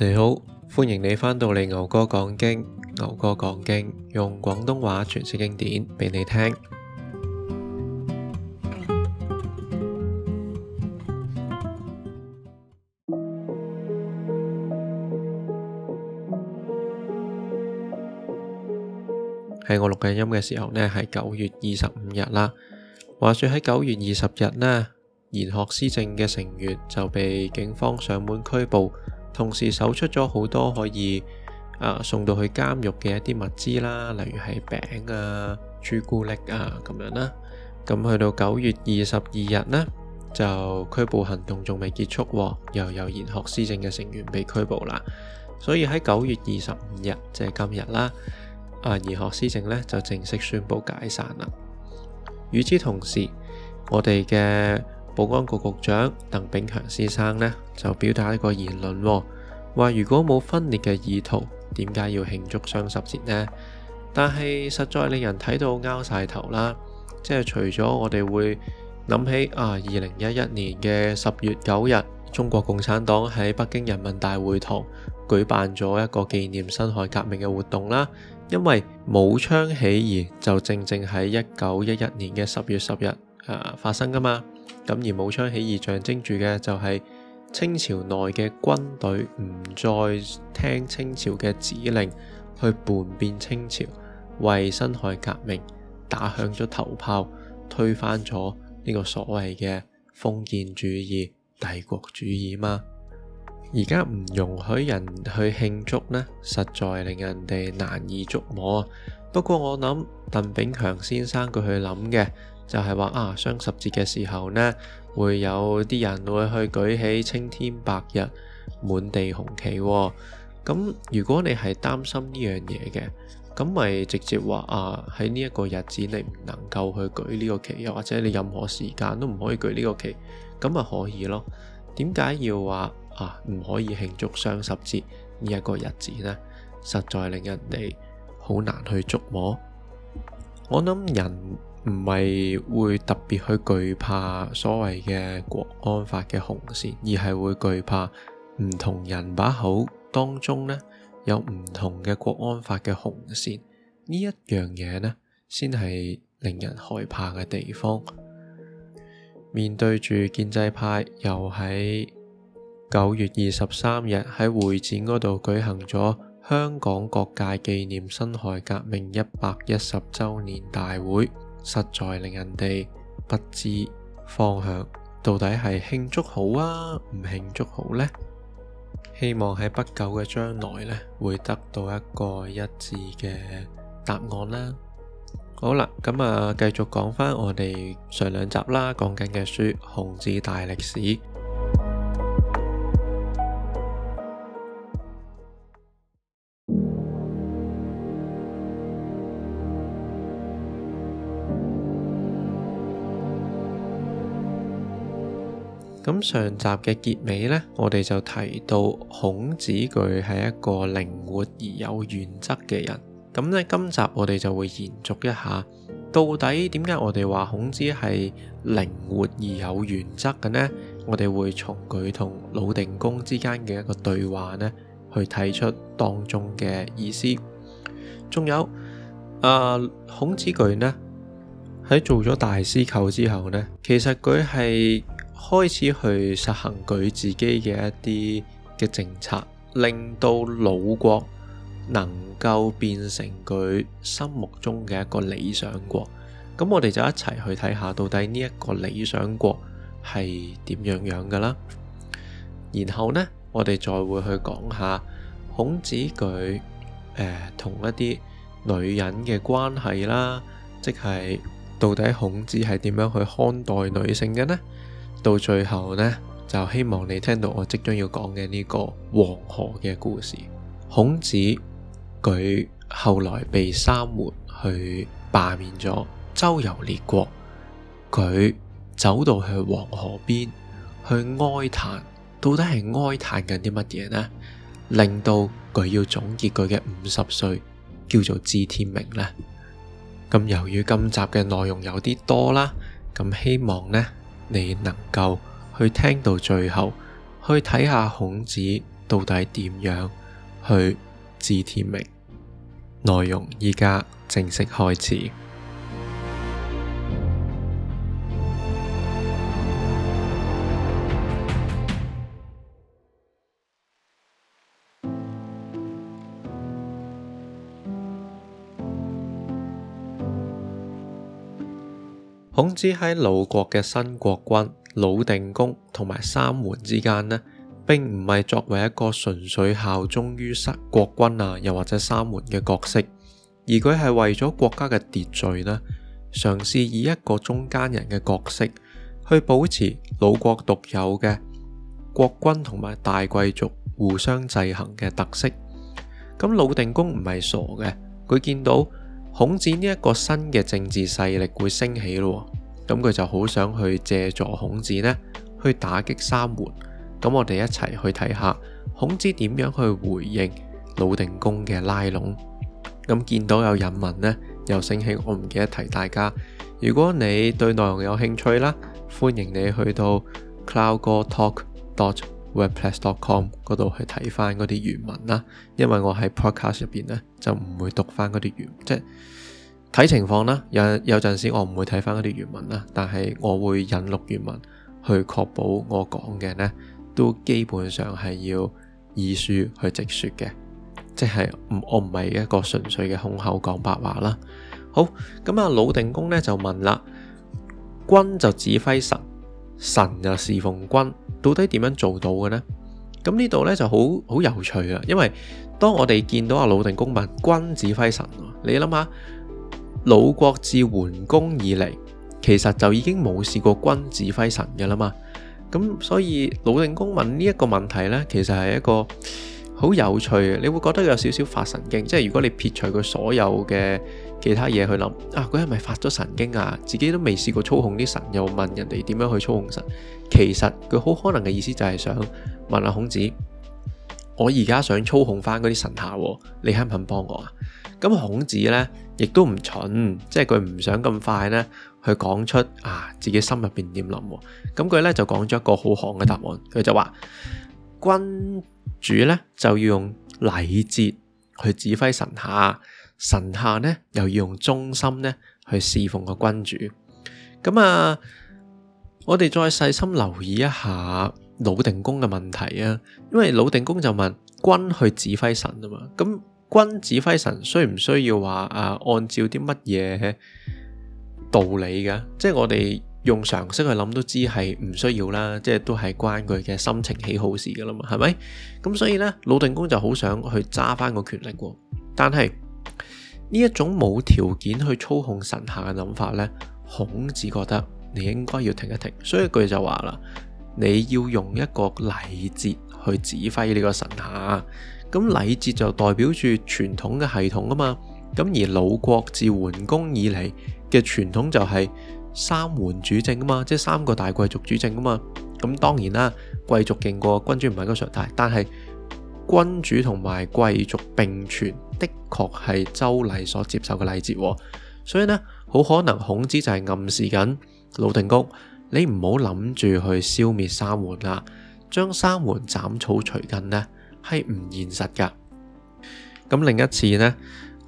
你好，歡迎你返到嚟。牛哥講經，牛哥講經，用廣東話詮釋經典俾你聽。喺我錄緊音嘅時候咧，係九月二十五日啦。話說喺九月二十日咧，賢學思政嘅成員就被警方上門拘捕。同時，搜出咗好多可以啊送到去監獄嘅一啲物資啦，例如係餅啊、朱古力啊咁樣啦。咁去到九月二十二日呢，就拘捕行動仲未結束，又有賢學思政嘅成員被拘捕啦。所以喺九月二十五日，即係今日啦，啊，而賢學思政呢，就正式宣布解散啦。與此同時，我哋嘅保安局局長鄧炳強先生呢，就表達一個言論，話如果冇分裂嘅意圖，點解要慶祝雙十節呢？但係實在令人睇到拗晒頭啦，即係除咗我哋會諗起啊，二零一一年嘅十月九日，中國共產黨喺北京人民大會堂舉辦咗一個紀念辛亥革命嘅活動啦，因為武昌起義就正正喺一九一一年嘅十月十日啊發生噶嘛。咁而武昌起義象徵住嘅就係清朝內嘅軍隊唔再聽清朝嘅指令，去叛變清朝，為辛亥革命打響咗頭炮，推翻咗呢個所謂嘅封建主義、帝國主義嘛。而家唔容許人去慶祝呢，實在令人哋難以捉摸啊。不過我諗鄧炳強先生佢去諗嘅。就係話啊，雙十節嘅時候呢，會有啲人會去舉起青天白日滿地紅旗喎、哦。咁如果你係擔心呢樣嘢嘅，咁咪直接話啊，喺呢一個日子你唔能夠去舉呢個旗，又或者你任何時間都唔可以舉呢個旗，咁咪可以咯。點解要話啊唔可以慶祝雙十節呢一個日子呢？實在令人哋好難去捉摸。我諗人。唔係會特別去懼怕所謂嘅國安法嘅紅線，而係會懼怕唔同人把口當中咧，有唔同嘅國安法嘅紅線呢一樣嘢咧，先係令人害怕嘅地方。面對住建制派，又喺九月二十三日喺會展嗰度舉行咗香港各界紀念辛亥革命一百一十周年大會。實在令人哋不知方向，到底係慶祝好啊，唔慶祝好呢？希望喺不久嘅將來呢，會得到一個一致嘅答案啦。好啦，咁啊，繼續講翻我哋上兩集啦，講緊嘅書《孔子大歷史》。咁上集嘅結尾呢，我哋就提到孔子，佢係一個靈活而有原則嘅人。咁呢，今集我哋就會延續一下，到底點解我哋話孔子係靈活而有原則嘅呢？我哋會從佢同魯定公之間嘅一個對話呢，去睇出當中嘅意思。仲有啊，孔子佢呢喺做咗大司寇之後呢，其實佢係。開始去實行佢自己嘅一啲嘅政策，令到魯國能夠變成佢心目中嘅一個理想國。咁我哋就一齊去睇下，到底呢一個理想國係點樣樣㗎啦。然後呢，我哋再會去講下孔子佢呃、同一啲女人嘅關係啦，即係到底孔子係點樣去看待女性嘅呢？到最後呢，就希望你聽到我即將要講嘅呢個黃河嘅故事。孔子佢後來被三桓去罷免咗，周遊列國，佢走到去黃河邊去哀嘆，到底係哀嘆緊啲乜嘢呢？令到佢要總結佢嘅五十歲叫做知天命呢。咁由於今集嘅內容有啲多啦，咁希望呢？你能夠去聽到最後，去睇下孔子到底點樣去知天命。內容而家正式開始。總之，喺魯國嘅新國君魯定公同埋三桓之間呢，並唔係作為一個純粹效忠於新國君啊，又或者三桓嘅角色，而佢係為咗國家嘅秩序呢，嘗試以一個中間人嘅角色，去保持魯國獨有嘅國君同埋大貴族互相制衡嘅特色。咁魯定公唔係傻嘅，佢見到。孔子呢一個新嘅政治勢力會升起咯。咁佢就好想去借助孔子呢去打擊三桓，咁我哋一齊去睇下孔子點樣去回應魯定公嘅拉攏，咁見到有引文呢，又醒起，我唔記得提大家。如果你對內容有興趣啦，歡迎你去到 cowgortalk.com。WebPlus.com 嗰度去睇翻嗰啲原文啦，因為我喺 Podcast 入邊咧就唔會讀翻嗰啲原文，即係睇情況啦。有有陣時我唔會睇翻嗰啲原文啦，但係我會引錄原文去確保我講嘅咧都基本上係要以書去直說嘅，即係唔我唔係一個純粹嘅空口講白話啦。好，咁啊魯定公咧就問啦，君就指揮臣，臣就侍奉君。到底點樣做到嘅呢？咁呢度呢就好好有趣啊！因為當我哋見到阿魯定公問君子揮神，你諗下魯國自桓公以嚟，其實就已經冇試過君子揮神嘅啦嘛。咁所以魯定公問呢一個問題呢，其實係一個好有趣嘅，你會覺得有少少發神經。即係如果你撇除佢所有嘅其他嘢去諗啊！佢係咪發咗神經啊？自己都未試過操控啲神，又問人哋點樣去操控神？其實佢好可能嘅意思就係想問下孔子：我而家想操控翻嗰啲神下，你肯唔肯幫我啊？咁孔子呢亦都唔蠢，即係佢唔想咁快呢去講出啊自己心入邊點諗。咁佢呢就講咗一個好戇嘅答案，佢就話君主呢，就要用禮節去指揮神下。臣下呢，又要用忠心呢去侍奉個君主。咁啊，我哋再細心留意一下魯定公嘅問題啊。因為魯定公就問君去指揮臣啊嘛。咁君指揮臣，需唔需要話啊？按照啲乜嘢道理㗎？即係我哋用常識去諗都知係唔需要啦。即係都係關佢嘅心情喜好事噶啦嘛，係咪？咁所以呢，魯定公就好想去揸翻個權力。但係，呢一種冇條件去操控臣下嘅諗法呢孔子覺得你應該要停一停。所以佢句就話啦，你要用一個禮節去指揮呢個臣下。咁禮節就代表住傳統嘅系統啊嘛。咁而魯國自桓公以嚟嘅傳統就係三桓主政啊嘛，即係三個大貴族主政啊嘛。咁當然啦，貴族勁過君主唔係一個常態，但係君主同埋貴族並存。的確係周禮所接受嘅禮節。哦，所以呢，好可能孔子就係暗示緊魯定公，你唔好諗住去消滅三桓啊，將三桓斬草除根呢，係唔現實噶。咁另一次呢，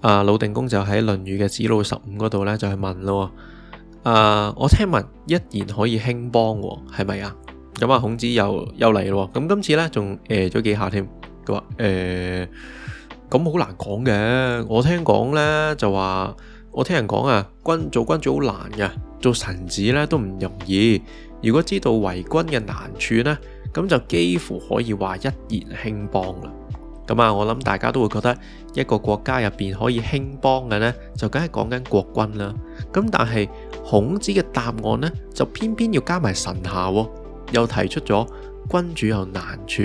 啊魯定公就喺《論語》嘅子路十五嗰度呢，就去問咯。啊，我聽聞一言可以興邦，哦，係咪啊？咁啊，孔子又又嚟咯，哦。咁今次呢，仲誒咗幾下添。佢話誒。呃咁好難講嘅。我聽講呢，就話，我聽人講啊，君做君主好難嘅，做臣子呢都唔容易。如果知道為君嘅難處呢，咁就幾乎可以話一言興邦啦。咁啊，我諗大家都會覺得一個國家入邊可以興邦嘅呢，就梗係講緊國君啦。咁但係孔子嘅答案呢，就偏偏要加埋臣下喎、哦，又提出咗君主有難處，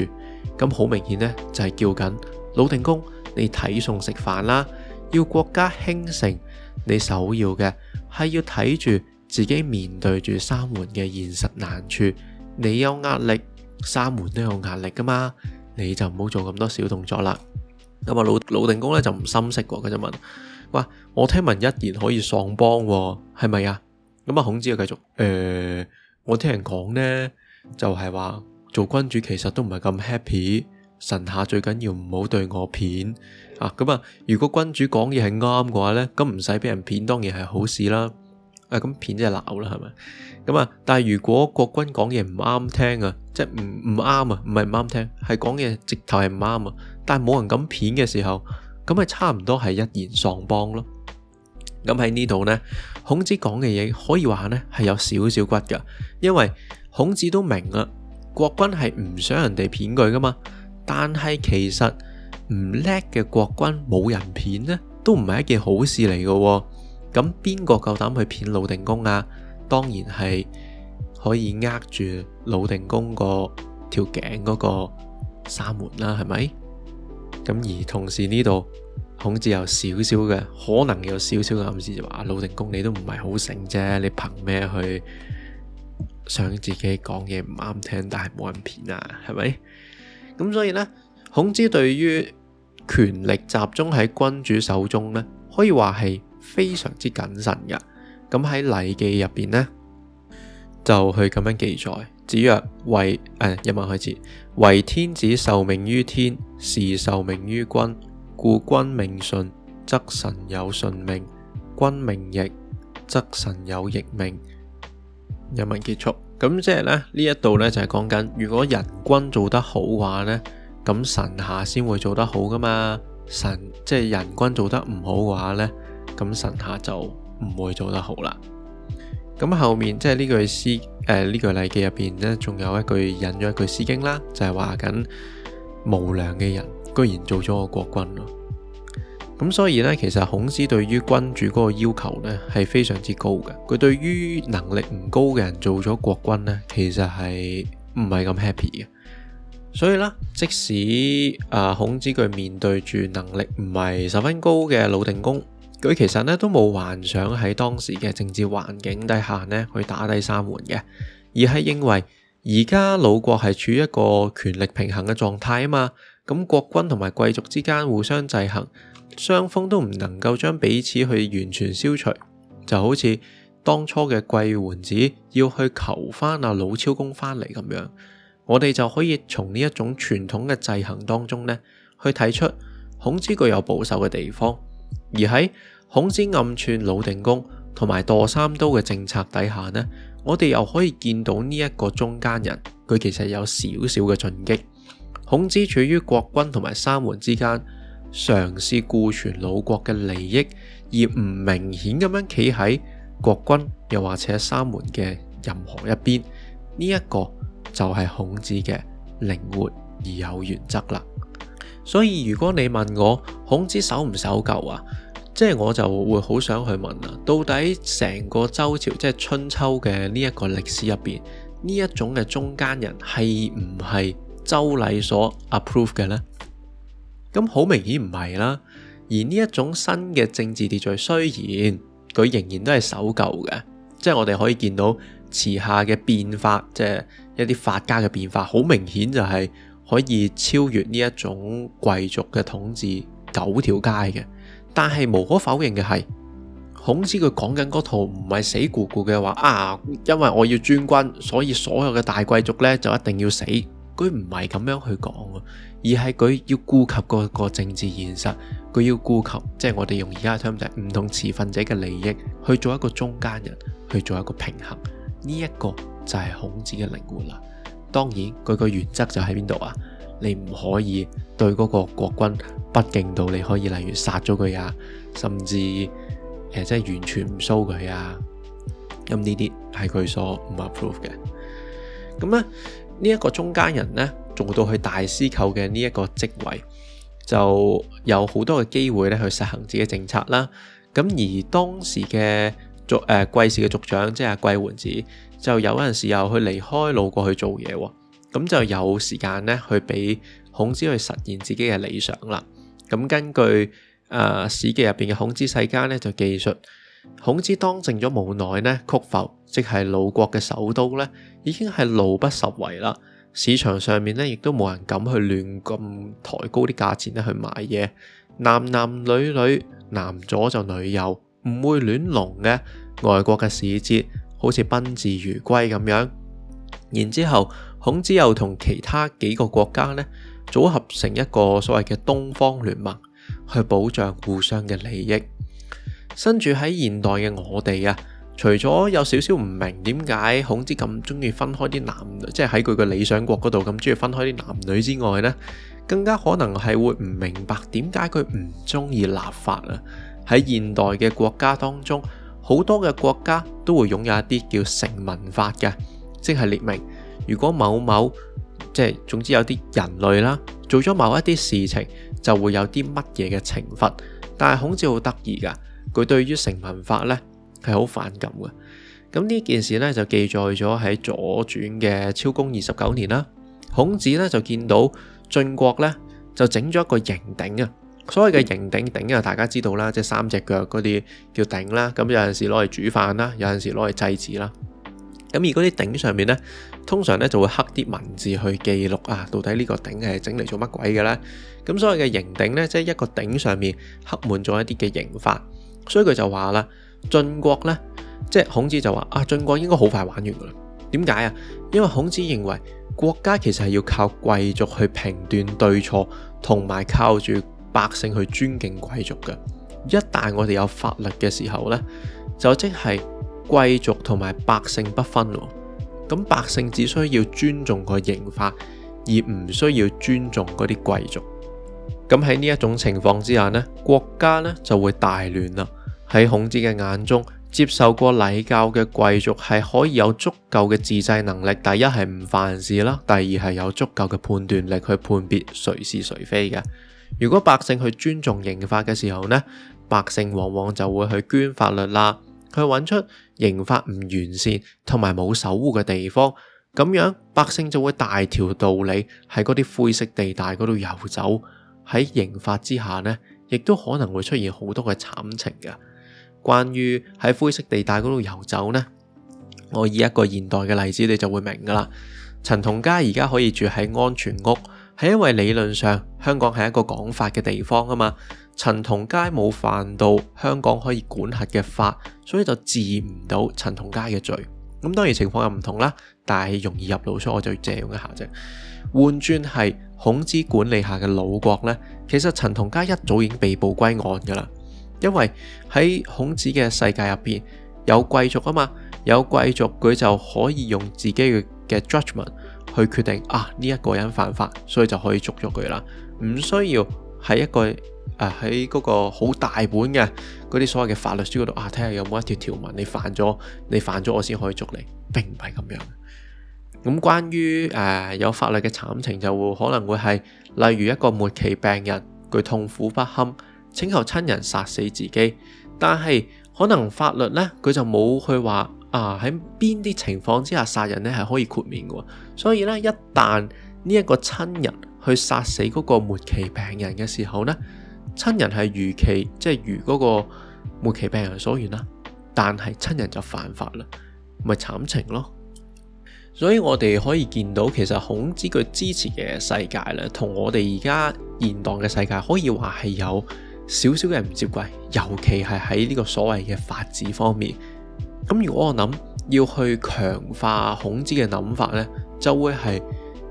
咁好明顯呢，就係、是、叫緊魯定公。你睇餸食飯啦，要國家興盛，你首要嘅係要睇住自己面對住三桓嘅現實難處。你有壓力，三桓都有壓力噶嘛，你就唔好做咁多小動作啦。咁啊，魯魯定公咧就唔心息喎，佢就問：喂，我聽聞一言可以喪邦喎、喔，係咪啊？咁啊，孔子又繼續：誒、欸，我聽人講呢，就係、是、話做君主其實都唔係咁 happy。臣下最緊要唔好對我片啊。咁啊，如果君主講嘢係啱嘅話呢，咁唔使俾人片，當然係好事啦。誒、啊，咁片即係鬧啦，係咪？咁啊，但係如果國君講嘢唔啱聽啊，即係唔唔啱啊，唔係唔啱聽，係講嘢直頭係唔啱啊。但係冇人敢片嘅時候，咁啊，差唔多係一言喪邦咯。咁喺呢度呢，孔子講嘅嘢可以話咧係有少少骨噶，因為孔子都明啊，國君係唔想人哋片佢噶嘛。但係其實唔叻嘅國君冇人騙呢都唔係一件好事嚟嘅、哦。咁邊個夠膽去騙魯定公啊？當然係可以握住魯定公個條頸嗰個三桓啦，係咪？咁而同時呢度，孔子有少少嘅，可能有少少暗示就話：魯定公你都唔係好醒啫，你憑咩去想自己講嘢唔啱聽？但係冇人騙啊，係咪？咁所以呢，孔子對於權力集中喺君主手中呢，可以話係非常之謹慎嘅。咁喺《禮記》入面呢，就去咁樣記載：子曰，為誒、哎、一文開始，為天子受命於天，士受命於君，故君命順則神有順命，君命逆則神有逆命。一文結束。咁即係咧，呢一度咧就係講緊，如果人君做得好嘅話咧，咁臣下先會做得好噶嘛。臣即係、就是、人君做得唔好嘅話咧，咁臣下就唔會做得好啦。咁後面即係呢句詩，誒、呃、呢句禮記入邊咧，仲有一句引咗一句詩經啦，就係話緊無良嘅人居然做咗個國君咯。咁所以咧，其實孔子對於君主嗰個要求咧係非常之高嘅。佢對於能力唔高嘅人做咗國君咧，其實係唔係咁 happy 嘅。所以啦，即使啊，孔子佢面對住能力唔係十分高嘅魯定公，佢其實咧都冇幻想喺當時嘅政治環境底下呢去打低三桓嘅，而係認為而家魯國係處於一個權力平衡嘅狀態啊嘛。咁國君同埋貴族之間互相制衡。雙方都唔能夠將彼此去完全消除，就好似當初嘅季桓子要去求翻阿魯昭公翻嚟咁樣，我哋就可以從呢一種傳統嘅制衡當中呢去睇出孔子具有保守嘅地方。而喺孔子暗串魯定公同埋墮三都嘅政策底下呢，我哋又可以見到呢一個中間人，佢其實有少少嘅進擊。孔子處於國君同埋三桓之間，嘗試顧全魯國嘅利益，而唔明顯咁樣企喺國君又或者三桓嘅任何一邊，呢一個就係孔子嘅靈活而有原則啦。所以如果你問我孔子守唔守舊啊？即係我就會好想去問啦。到底成個周朝即係春秋嘅呢一個歷史入邊，呢一種嘅中間人係唔係周禮所 approve 嘅呢？咁好明顯唔係啦，而呢一種新嘅政治秩序，雖然佢仍然都係守舊嘅，即係我哋可以見到遲下嘅變法，即係一啲法家嘅變法，好明顯就係可以超越呢一種貴族嘅統治九條街嘅。但係無可否認嘅係，孔子佢講緊嗰套唔係死咕咕嘅話啊，因為我要尊君，所以所有嘅大貴族呢就一定要死。佢唔係咁樣去講啊，而係佢要顧及個個政治現實，佢要顧及，即係我哋用而家嘅 term 就係唔同持份者嘅利益，去做一個中間人，去做一個平衡。呢一個就係孔子嘅靈活啦。當然，佢個原則就喺邊度啊？你唔可以對嗰個國君不敬到，你可以例如殺咗佢啊，甚至誒，即係完全唔 show 佢啊。咁呢啲係佢所唔 approve 嘅。咁咧？呢一個中間人呢，做到去大司寇嘅呢一個職位，就有好多嘅機會咧去實行自己政策啦。咁而當時嘅族誒季、呃、氏嘅族長即係季桓子，就有陣時候又去離開魯國去做嘢喎，咁就有時間咧去俾孔子去實現自己嘅理想啦。咁根據、呃、《史記》入面嘅孔子世家咧，就記述：「孔子當政咗無奈呢，曲阜即係魯國嘅首都呢。」已經係路不拾遺啦，市場上面咧亦都冇人敢去亂咁抬高啲價錢咧去買嘢。男男女女，男左就女右，唔會亂籠嘅。外國嘅使節好似賓至如歸咁樣。然之後，孔子又同其他幾個國家呢組合成一個所謂嘅東方聯盟，去保障互相嘅利益。身處喺現代嘅我哋啊，除咗有少少唔明點解孔子咁中意分開啲男女，即係喺佢個理想國嗰度咁中意分開啲男女之外呢，更加可能係會唔明白點解佢唔中意立法啊？喺現代嘅國家當中，好多嘅國家都會擁有一啲叫成文法嘅，即係列明如果某某即係總之有啲人類啦，做咗某一啲事情就會有啲乜嘢嘅懲罰。但係孔子好得意噶，佢對於成文法呢。係好反感嘅，咁呢件事咧就記載咗喺左傳嘅昭公二十九年啦。孔子咧就見到晉國咧就整咗一個刑鼎啊，所謂嘅刑鼎鼎啊，大家知道啦，即係三隻腳嗰啲叫鼎啦。咁有陣時攞嚟煮飯啦，有陣時攞嚟祭祀啦。咁而嗰啲鼎上面咧，通常咧就會刻啲文字去記錄啊，到底呢個鼎係整嚟做乜鬼嘅咧？咁所謂嘅刑鼎咧，即係一個鼎上面刻滿咗一啲嘅刑法，所以佢就話啦。晉國呢，即係孔子就話啊，晉國應該好快玩完噶啦。點解啊？因為孔子認為國家其實係要靠貴族去評斷對錯，同埋靠住百姓去尊敬貴族嘅。一旦我哋有法律嘅時候呢，就即係貴族同埋百姓不分喎。咁百姓只需要尊重個刑法，而唔需要尊重嗰啲貴族。咁喺呢一種情況之下呢，國家呢就會大亂啦。喺孔子嘅眼中，接受過禮教嘅貴族係可以有足夠嘅自制能力。第一係唔犯事啦，第二係有足夠嘅判斷力去判別誰是誰非嘅。如果百姓去尊重刑法嘅時候呢，百姓往往就會去捐法律啦，去揾出刑法唔完善同埋冇守護嘅地方。咁樣百姓就會大條道理喺嗰啲灰色地帶嗰度游走，喺刑法之下呢，亦都可能會出現好多嘅慘情嘅。關於喺灰色地帶嗰度遊走呢，我以一個現代嘅例子，你就會明噶啦。陳同佳而家現在可以住喺安全屋，係因為理論上香港係一個講法嘅地方啊嘛。陳同佳冇犯到香港可以管轄嘅法，所以就治唔到陳同佳嘅罪。咁當然情況又唔同啦，但係容易入腦，所以我就要借用一下啫。換轉係孔子管理下嘅魯國呢，其實陳同佳一早已經被捕歸案噶啦。因為喺孔子嘅世界入邊有貴族啊嘛，有貴族佢就可以用自己嘅嘅 judgment 去決定啊，呢一個人犯法，所以就可以捉咗佢啦。唔需要喺一個誒喺嗰個好大本嘅嗰啲所謂嘅法律書嗰度啊，睇下有冇一條條文你犯咗，你犯咗我先可以捉你，並唔係咁樣的。咁關於誒、啊、有法律嘅慘情就會可能會係，例如一個末期病人佢痛苦不堪。請求親人殺死自己，但係可能法律呢，佢就冇去話啊喺邊啲情況之下殺人咧係可以豁免嘅，所以呢，一旦呢一個親人去殺死嗰個末期病人嘅時候呢，親人係如期即係如嗰個末期病人所願啦，但係親人就犯法啦，咪慘情咯。所以我哋可以見到其實孔子佢支持嘅世界咧，同我哋而家現代嘅世界可以話係有少少嘅人唔接軌，尤其係喺呢個所謂嘅法治方面。咁如果我諗要去強化孔子嘅諗法呢，就會係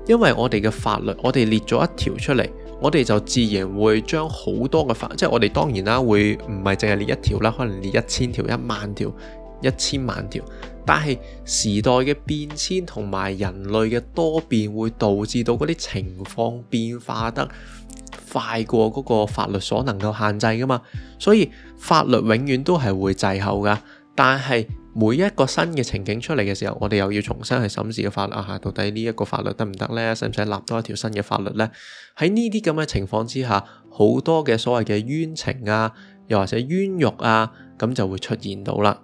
因為我哋嘅法律，我哋列咗一條出嚟，我哋就自然會將好多嘅法，即係我哋當然啦，會唔係淨係列一條啦，可能列一千條、一萬條、一千萬條。但係時代嘅變遷同埋人類嘅多變，會導致到嗰啲情況變化得。快過嗰個法律所能夠限制噶嘛，所以法律永遠都係會滯後噶。但係每一個新嘅情景出嚟嘅時候，我哋又要重新去審視個法律啊，到底呢一個法律得唔得呢？使唔使立多一條新嘅法律呢？喺呢啲咁嘅情況之下，好多嘅所謂嘅冤情啊，又或者冤獄啊，咁就會出現到啦。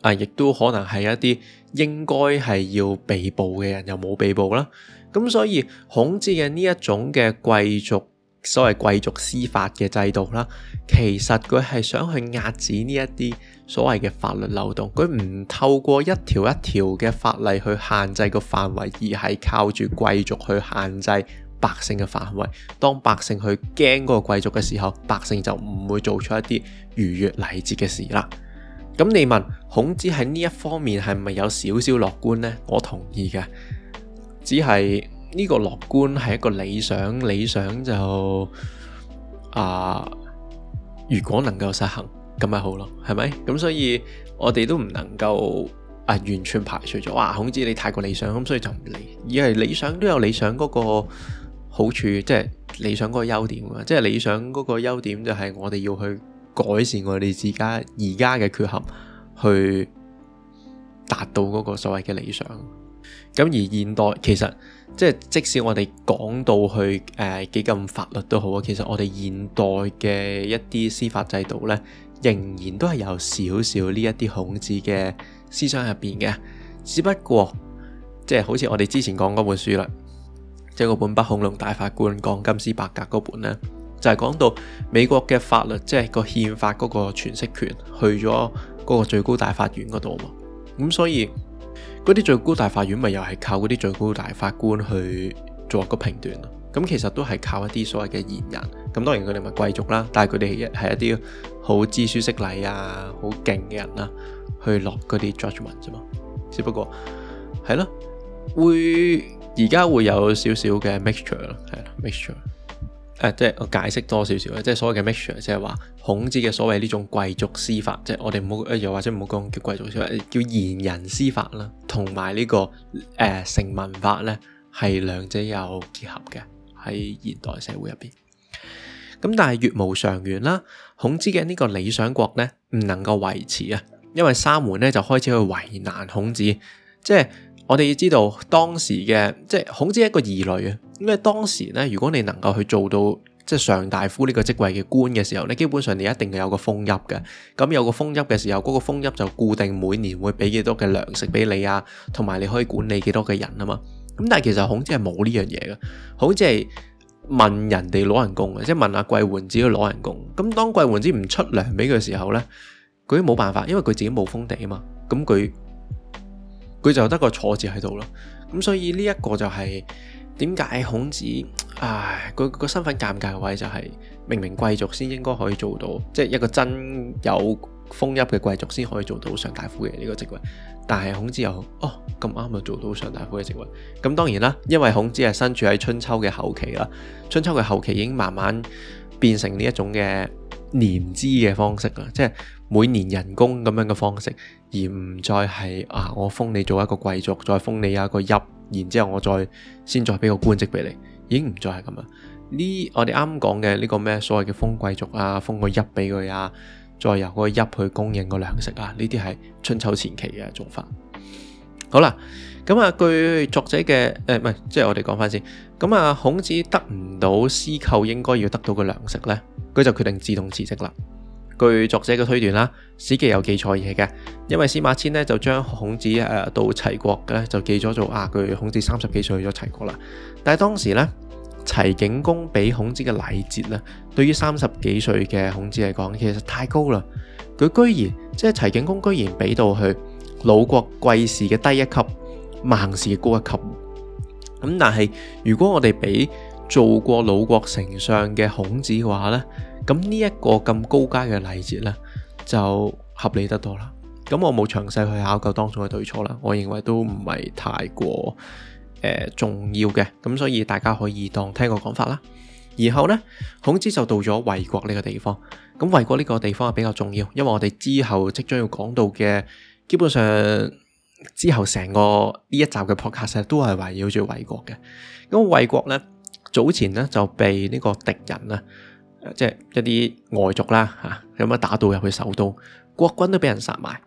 啊，亦都可能係一啲應該係要被捕嘅人又冇被捕啦。咁所以孔子嘅呢一種嘅貴族。所謂貴族司法嘅制度啦，其實佢係想去壓止呢一啲所謂嘅法律漏洞，佢唔透過一條一條嘅法例去限制個範圍，而係靠住貴族去限制百姓嘅範圍。當百姓去驚嗰個貴族嘅時候，百姓就唔會做出一啲逾越禮節嘅事啦。咁你問孔子喺呢一方面係咪有少少樂觀呢？我同意嘅，只係。呢個樂觀係一個理想，理想就啊，如果能夠實行，咁咪好咯，係咪？咁所以我哋都唔能夠啊，完全排除咗。哇！孔子你太過理想，咁所以就唔理。而係理想都有理想嗰個好處，即係理想嗰個優點啊！即係理想嗰個優點就係我哋要去改善我哋自家而家嘅缺陷，去達到嗰個所謂嘅理想。咁而現代其實。即係即使我哋講到去誒幾咁法律都好啊，其實我哋現代嘅一啲司法制度咧，仍然都係有少少呢一啲孔子嘅思想入邊嘅。只不過即係好似我哋之前講嗰本書啦，即係個本《不恐龍大法官講金斯伯格》嗰本咧，就係講到美國嘅法律，即係個憲法嗰個詮釋權去咗嗰個最高大法院嗰度啊嘛。咁所以。嗰啲最高大法院咪又係靠嗰啲最高大法官去做一個評斷咯，咁其實都係靠一啲所謂嘅賢人，咁當然佢哋咪貴族啦，但係佢哋一係一啲好知書識禮啊、好勁嘅人啦、啊，去落嗰啲 judgement 啫嘛，只不過係咯，會而家會有少少嘅 mixture 咯，係啦，mixture。誒、啊，即係我解釋多少少咧，即係所謂嘅 mixture 即係話孔子嘅所謂呢種貴族司法，即係我哋唔好，又或者唔好講叫貴族司法，叫賢人司法啦，同埋呢個、呃、成文法咧，係兩者有結合嘅喺現代社會入面。咁但係月無常圓啦，孔子嘅呢個理想國咧，唔能夠維持啊，因為三桓咧就開始去為難孔子，即係。我哋要知道當時嘅，即係孔子係一個異類啊！咁你當時咧，如果你能夠去做到即係上大夫呢個職位嘅官嘅時候，你基本上你一定係有個封邑嘅。咁有個封邑嘅時候，嗰個封邑就固定每年會俾幾多嘅糧食俾你啊，同埋你可以管理幾多嘅人啊嘛。咁但係其實孔子係冇呢樣嘢嘅，孔子係問人哋攞人工嘅，即係問阿季桓子攞人工。咁當季桓子唔出糧俾佢嘅時候咧，佢都冇辦法，因為佢自己冇封地啊嘛。咁佢。佢就得個坐字喺度咯，咁所以呢一個就係點解孔子唉，佢個身份尷尬的位就係明明貴族先應該可以做到，即係一個真有封邑嘅貴族先可以做到上大夫嘅呢個職位，但係孔子又，哦咁啱就做到上大夫嘅職位。咁當然啦，因為孔子係身處喺春秋嘅後期啦，春秋嘅後期已經慢慢變成呢一種嘅。年資嘅方式啊，即係每年人工咁樣嘅方式，而唔再係啊，我封你做一個貴族，再封你一個邑，然之後我再先再俾個官職俾你，已經唔再係咁啦。呢，我哋啱講嘅呢個咩所謂嘅封貴族啊，封個邑俾佢啊，再由嗰個邑去供應個糧食啊，呢啲係春秋前期嘅做法。好啦。咁啊，據作者嘅誒，唔係即係我哋講翻先。咁啊，孔子得唔到司寇應該要得到嘅糧食呢，佢就決定自動辭職啦。據作者嘅推斷啦，《史記》有記錯嘢嘅，因為司馬遷呢就將孔子到齊國嘅咧就記咗做啊，佢孔子三十幾歲去咗齊國啦。但係當時呢，齊景公俾孔子嘅禮節呢，對於三十幾歲嘅孔子嚟講，其實太高啦。佢居然即係齊景公居然俾到去魯國季氏嘅低一級。孟氏高一級，咁但係如果我哋比做過魯國丞相嘅孔子嘅話呢，咁呢一個咁高階嘅禮節呢，就合理得多啦。咁我冇詳細去考究當中嘅對錯啦，我認為都唔係太過誒、呃、重要嘅，咁所以大家可以當聽個講法啦。然後呢，孔子就到咗衛國呢個地方。咁衛國呢個地方係比較重要，因為我哋之後即將要講到嘅，基本上。之後成個呢一集嘅 podcast 都係圍繞住衛國嘅。咁衛國呢，早前呢就被呢個敵人啊，即係一啲外族啦吓，咁樣打到入去首都，國君都俾人殺埋。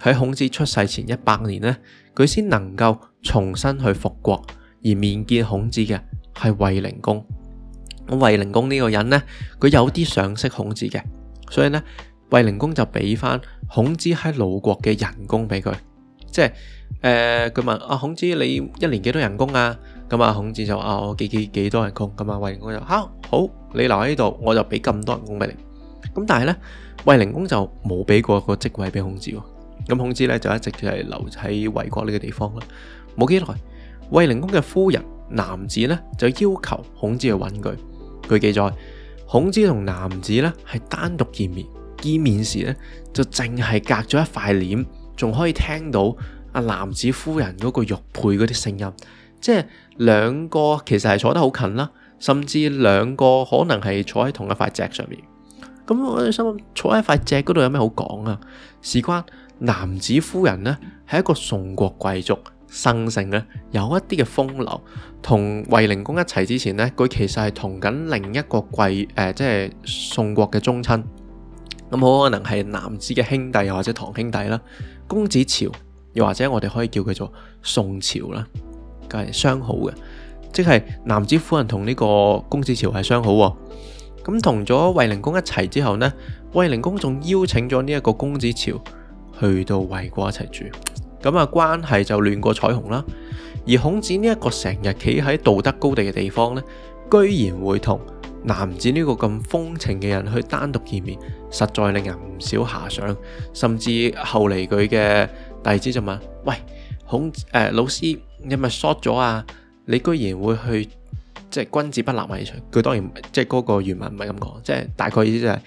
喺孔子出世前一百年呢，佢先能夠重新去復國，而面見孔子嘅係衛靈公。咁衛靈公呢個人呢，佢有啲賞識孔子嘅，所以呢，衛靈公就俾翻孔子喺魯國嘅人工俾佢。即係誒，佢、呃、問阿孔子：你一年幾多人工啊？咁啊，孔子就話、哦：我幾幾幾多人工？咁啊，衛靈公就：吓好，你留喺呢度，我就俾咁多人工俾你。咁但係咧，衛靈公就冇俾過個職位俾孔子。咁孔子咧就一直就係留喺衛國呢個地方啦。冇幾耐，衛靈公嘅夫人南子咧就要求孔子去揾佢。據記載，孔子同南子咧係單獨見面，見面時咧就淨係隔咗一塊簾。仲可以聽到阿南子夫人嗰個玉佩嗰啲聲音，即係兩個其實係坐得好近啦，甚至兩個可能係坐喺同一塊席上面。咁我哋心諗坐喺塊席嗰度有咩好講啊？事關南子夫人咧係一個宋國貴族，生性咧有一啲嘅風流，同衛靈公一齊之前咧，佢其實係同緊另一個貴誒，即係宋國嘅宗親，咁好可能係南子嘅兄弟或者堂兄弟啦。公子朝，又或者我哋可以叫佢做宋朝啦，梗係相好嘅，即係南子夫人同呢個公子朝係相好。咁同咗衛靈公一齊之後呢，衛靈公仲邀請咗呢一個公子朝去到衛國一齊住，咁啊關係就亂過彩虹啦。而孔子呢一個成日企喺道德高地嘅地方呢，居然會同。男子呢個咁風情嘅人去單獨見面，實在令人唔少遐想，甚至後嚟佢嘅弟子就問，喂，孔，誒、呃、老師，你咪 short 咗啊？你居然會去即係、就是君，就是就是就是、君子不立危牆。佢當然即係嗰個原文唔係咁講，即係大概意思就係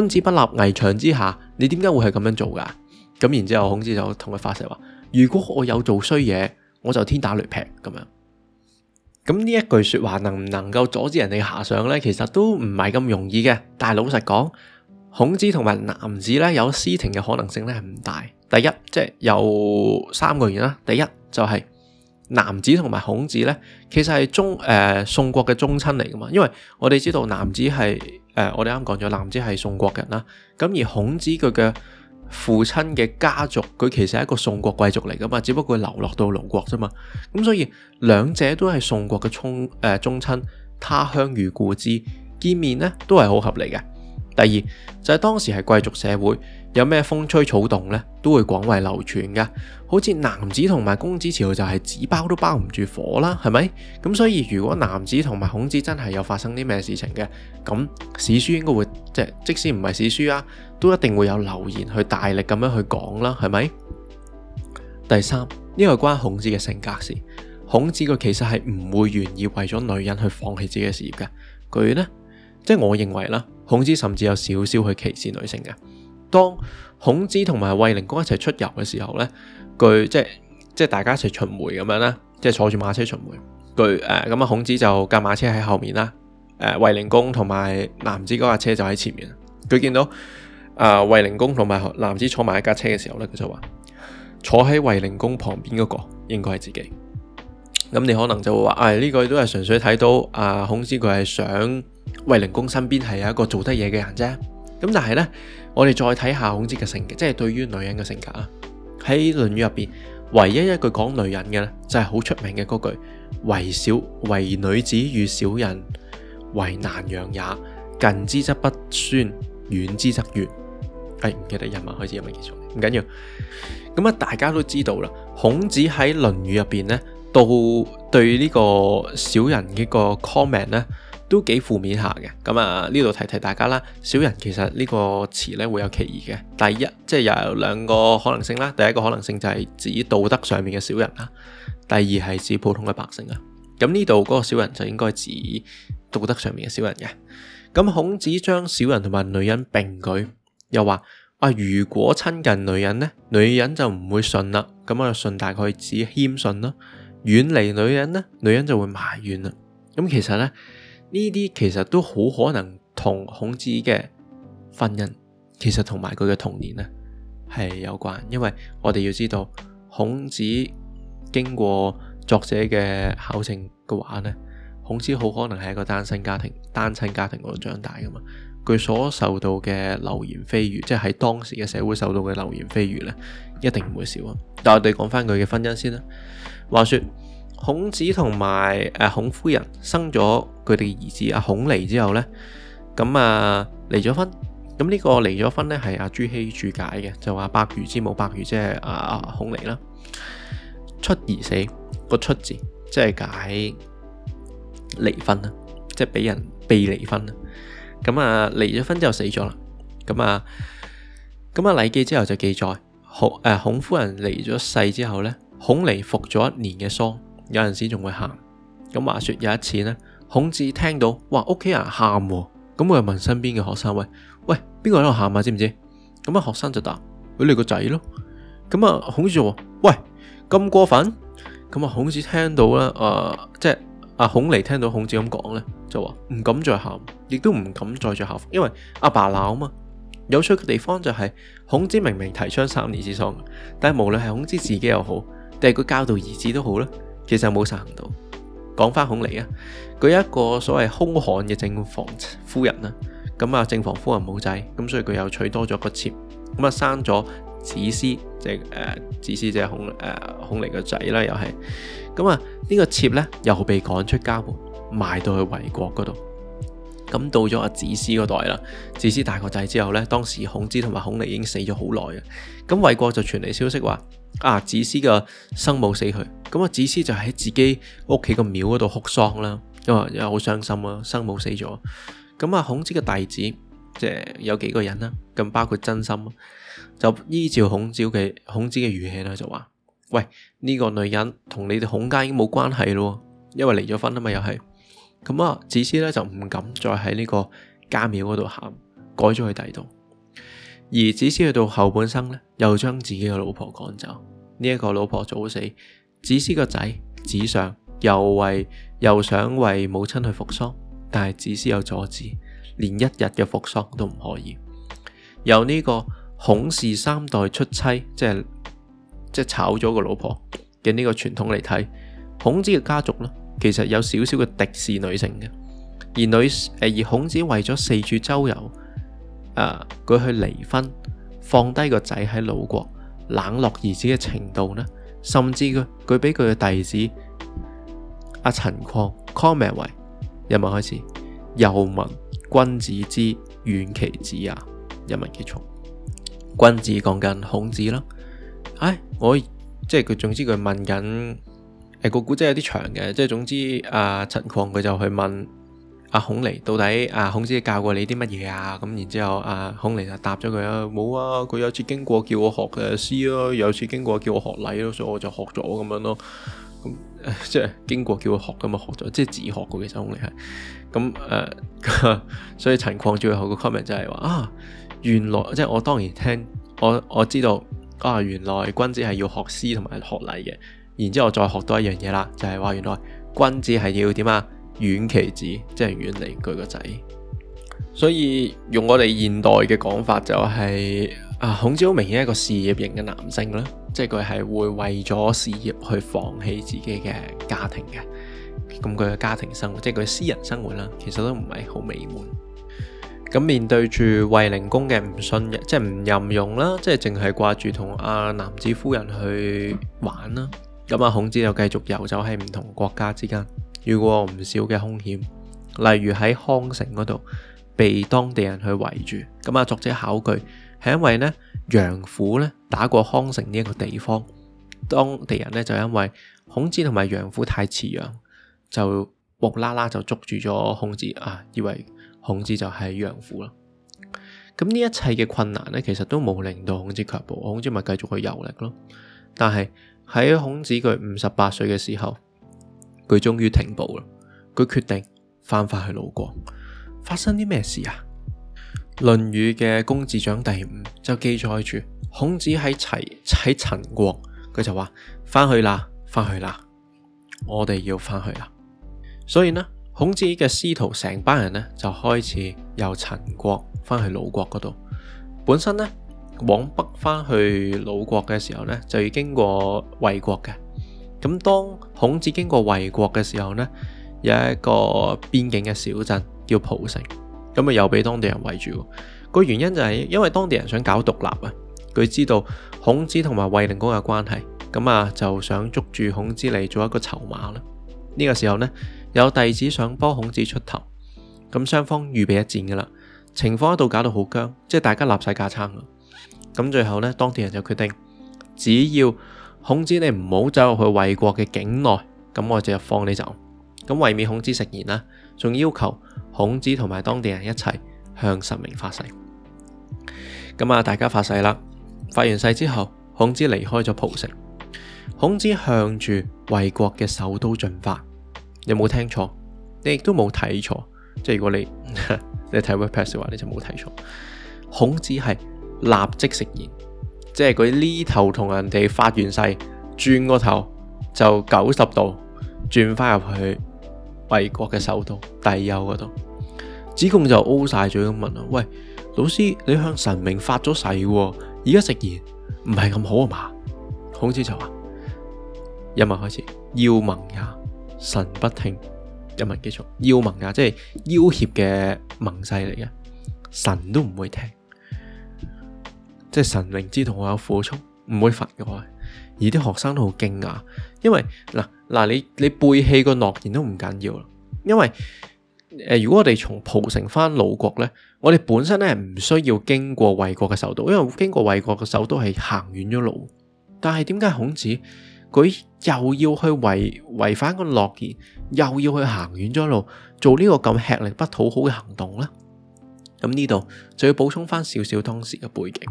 君子不立危牆之下，你點解會係咁樣做噶？咁然之後孔子就同佢發誓話，如果我有做衰嘢，我就天打雷劈咁樣。咁呢一句說話能唔能夠阻止人哋遐想呢？其實都唔係咁容易嘅。但係老實講，孔子同埋南子呢，有私情嘅可能性呢，係唔大。第一，即係有三個原因啦。第一就係南子同埋孔子呢，其實係中誒宋國嘅宗親嚟噶嘛。因為我哋知道南子係誒我哋啱講咗南子係宋國人啦。咁而孔子佢嘅父親嘅家族，佢其實係一個宋國貴族嚟噶嘛，只不過流落到魯國啫嘛。咁所以兩者都係宋國嘅宗誒宗親，他鄉遇故知，見面呢都係好合理嘅。第二就係當時係貴族社會，有咩風吹草動呢都會廣為流傳嘅。好似南子同埋公子朝就係紙包都包唔住火啦，係咪？咁所以如果南子同埋孔子真係有發生啲咩事情嘅，咁史書應該會即係即使唔係史書啊，都一定會有流言去大力咁樣去講啦，係咪？第三，呢、這個關孔子嘅性格事。孔子佢其實係唔會願意為咗女人去放棄自己嘅事業嘅。佢呢，即係我認為啦，孔子甚至有少少去歧視女性嘅。當孔子同埋衛靈公一齊出遊嘅時候呢。佢即係即係大家一齊巡迴咁樣啦，即係坐住馬車巡迴。佢誒咁啊，孔子就架馬車喺後面啦。誒衛靈公同埋南子嗰架車就喺前面。佢見到啊衛靈公同埋南子坐埋一架車嘅時候咧，佢就話坐喺衛靈公旁邊嗰個應該係自己。咁你可能就會話，哎呢個都係純粹睇到啊，呃，孔子佢係想衛靈公身邊係有一個做得嘢嘅人啫。咁但係咧，我哋再睇下孔子嘅性格，即係對於女人嘅性格啊。喺《論語》入邊，唯一一句講女人嘅呢，就係、是、好出名嘅句：為小為女子與小人，為難養也。近之則不孫，遠之則怨。哎，唔記得原文開始有冇記錯，唔緊要。咁啊，大家都知道啦，孔子喺《論語》入邊呢，到對呢個小人嘅個 comment 呢。都幾負面下嘅咁啊！呢度提提大家啦，小人其實個詞呢個詞呢會有歧義嘅。第一，即係又有兩個可能性啦。第一個可能性就係指道德上面嘅小人啦，第二係指普通嘅百姓啦。咁呢度嗰個小人就應該指道德上面嘅小人嘅。咁孔子將小人同埋女人並舉，又話：啊，如果親近女人呢，女人就唔會信啦。咁啊，信大概指謙信啦。遠離女人呢，女人就會埋怨啦。咁其實呢。呢啲其實都好可能同孔子嘅婚姻，其實同埋佢嘅童年呢，係有關，因為我哋要知道孔子經過作者嘅考證嘅話呢，孔子好可能係一個單身家庭、單親家庭嗰度長大㗎嘛，佢所受到嘅流言蜚語，即係喺當時嘅社會受到嘅流言蜚語呢，一定唔會少啊。但係我哋講返佢嘅婚姻先啦。話說。孔子同埋誒，孔夫人生咗佢哋兒子阿孔鯉之後咧，咁啊離咗婚。咁呢個離咗婚咧係阿朱熹注解嘅，就話伯魚之母，伯魚即係阿孔鯉啦。出而死個出字即係解離婚啊，即係俾人被離婚啊。咁啊離咗婚之後死咗啦。咁啊咁啊禮記之後就記載孔誒、啊，孔夫人離咗世之後咧，孔鯉服咗一年嘅喪。有陣時仲會喊，咁話說有一次呢，孔子聽到，哇，屋企人喊，哦，咁我又問身邊嘅學生喂喂，邊個喺度喊啊？知唔知？咁啊，學生就答：，佢，哎，你個仔咯。咁啊，孔子就話：，喂，咁過分？咁啊，孔子聽到啦，呃。啊，即係阿孔鯉聽到孔子咁講呢，就話唔敢再喊，亦都唔敢再做孝服，因為阿爸鬧啊嘛。有趣嘅地方就係，是，孔子明明提倡三年之喪，但係無論係孔子自己又好，定係佢教導兒子都好咧，其實冇實行到。講翻孔鯉啊，佢有一個所謂凶悍嘅正房夫人啦，咁啊正房夫人冇仔，咁所以佢又娶多咗個妾，咁啊生咗子思，即係誒子思即係孔誒、呃、孔鯉嘅仔啦，又係，咁啊呢個妾咧又被趕出家門，賣到去衛國嗰度。咁到咗阿子思嗰代啦，子思大個仔之後咧，當時孔子同埋孔鯉已經死咗好耐啊，咁衛國就傳嚟消息話。啊！子思嘅生母死去，咁啊子思就喺自己屋企個廟嗰度哭喪啦，因為因為好傷心啊，生母死咗。咁啊孔子嘅弟子，即係有幾個人啦，咁包括曾參。就依照孔子嘅孔子嘅語氣啦就話：喂，呢個女人同你哋孔家已經冇關係咯，因為離咗婚啊嘛，又係。咁啊子思咧就唔敢再喺呢個家廟嗰度喊，改咗去第二度。而子思去到後半生呢又將自己嘅老婆趕走。呢、這、一個老婆早死，子思個仔子,子上又為又想為母親去服喪，但係子思有阻止，連一日嘅服喪都唔可以。由呢個孔氏三代出妻，即係即係炒咗個老婆嘅呢個傳統嚟睇，孔子嘅家族呢其實有少少嘅敵視女性嘅。而女而孔子為咗四處周遊。誒，佢、啊、去離婚，放低個仔喺魯國，冷落兒子嘅程度咧，甚至佢佢俾佢嘅弟子阿陳曠，曠、啊、名為，人民開始，又聞君子之遠其子啊，人民結束，君子講緊孔子啦，唉，我即係佢，總之佢問緊，誒個古仔有啲長嘅，即係總之，阿陳曠佢就去問。阿、啊、孔鯉到底阿、啊、孔子教過你啲乜嘢啊？咁然之後阿孔鯉就答咗佢啊，冇啊，佢有次經過叫我學誒詩咯、啊，有次經過叫我學禮咯，所以我就學咗咁樣咯，咁、啊、即係經過叫我學咁啊學咗，即係自學嘅其實孔鯉係，咁誒、啊，所以陳亢最後個 comment 就係話啊，原來即係我當然聽我我知道啊，原來君子係要學詩同埋學禮嘅，然之後我再學多一樣嘢啦，就係、是、話原來君子係要點啊？遠其子，即係遠離佢個仔。所以用我哋現代嘅講法，就係啊，孔子好明顯係一個事業型嘅男性啦，即係佢係會為咗事業去放棄自己嘅家庭嘅。咁佢嘅家庭生活，即係佢嘅私人生活啦，其實都唔係好美滿。咁面對住衛靈公嘅唔信任，即係唔任用啦，即係淨係掛住同阿南子夫人去玩啦。咁阿孔子又繼續游走喺唔同國家之間。遇過唔少嘅凶險，例如喺康城嗰度被當地人去圍住。咁啊，作者考據係因為呢楊虎咧打過康城呢一個地方，當地人呢就因為孔子同埋楊虎太似樣，就無啦啦就捉住咗孔子啊，以為孔子就係楊虎咯。咁呢一切嘅困難呢，其實都冇令到孔子卻步，孔子咪繼續去遊歷咯。但係喺孔子佢五十八歲嘅時候。佢終於停步啦，佢決定翻返去魯國。發生啲咩事啊？《論語》嘅《公冶長》第五就記載住，孔子喺齊喺陳國，佢就話翻去啦，翻去啦，我哋要翻去啦。所以呢，孔子嘅師徒成班人呢，就開始由陳國翻去魯國嗰度。本身呢，往北翻去魯國嘅時候呢，就要經過衛國嘅。咁當孔子經過衛國嘅時候呢，有一個邊境嘅小鎮叫蒲城，咁啊又俾當地人圍住。個原因就係因為當地人想搞獨立啊！佢知道孔子同埋衛靈公嘅關係，咁啊就想捉住孔子嚟做一個籌碼啦。呢個時候呢，有弟子想幫孔子出頭，咁雙方預備一戰噶啦。情況一度搞到好僵，即係大家立晒架撐啊！咁最後呢，當地人就決定只要孔子你不要，你唔好走入去衛國嘅境內，咁我就放你走。咁為免孔子食言啦，仲要求孔子同埋當地人一齊向神明發誓。咁啊，大家發誓啦，發完誓之後，孔子離開咗蒲城。孔子向住衛國嘅首都進發。你冇聽錯？你亦都冇睇錯，即係如果你你睇 website 嘅話，你就冇睇錯。孔子係立即食言。即係佢呢頭同人哋發完誓，轉個頭就九十度轉翻入去魏國嘅首都帝丘嗰度，子貢就 O 晒嘴咁問啦：喂，老師，你向神明發咗誓喎，而家食言唔係咁好啊嘛？孔子就話：一文開始，要盟也，神不聽；一文繼續，要盟也，即係要挾嘅盟誓嚟嘅，神都唔會聽。即係神明知道我有苦衷，唔會罰我。而啲學生都好驚訝，因為嗱嗱，你你背棄個諾言都唔緊要啦，因為誒、呃、如果我哋從蒲城翻魯國呢，我哋本身咧唔需要經過衛國嘅首都，因為經過衛國嘅首都係行遠咗路，但係點解孔子佢又要去違違反個諾言，又要去行遠咗路，做呢個咁吃力不討好嘅行動呢？咁呢度就要補充翻少少當時嘅背景。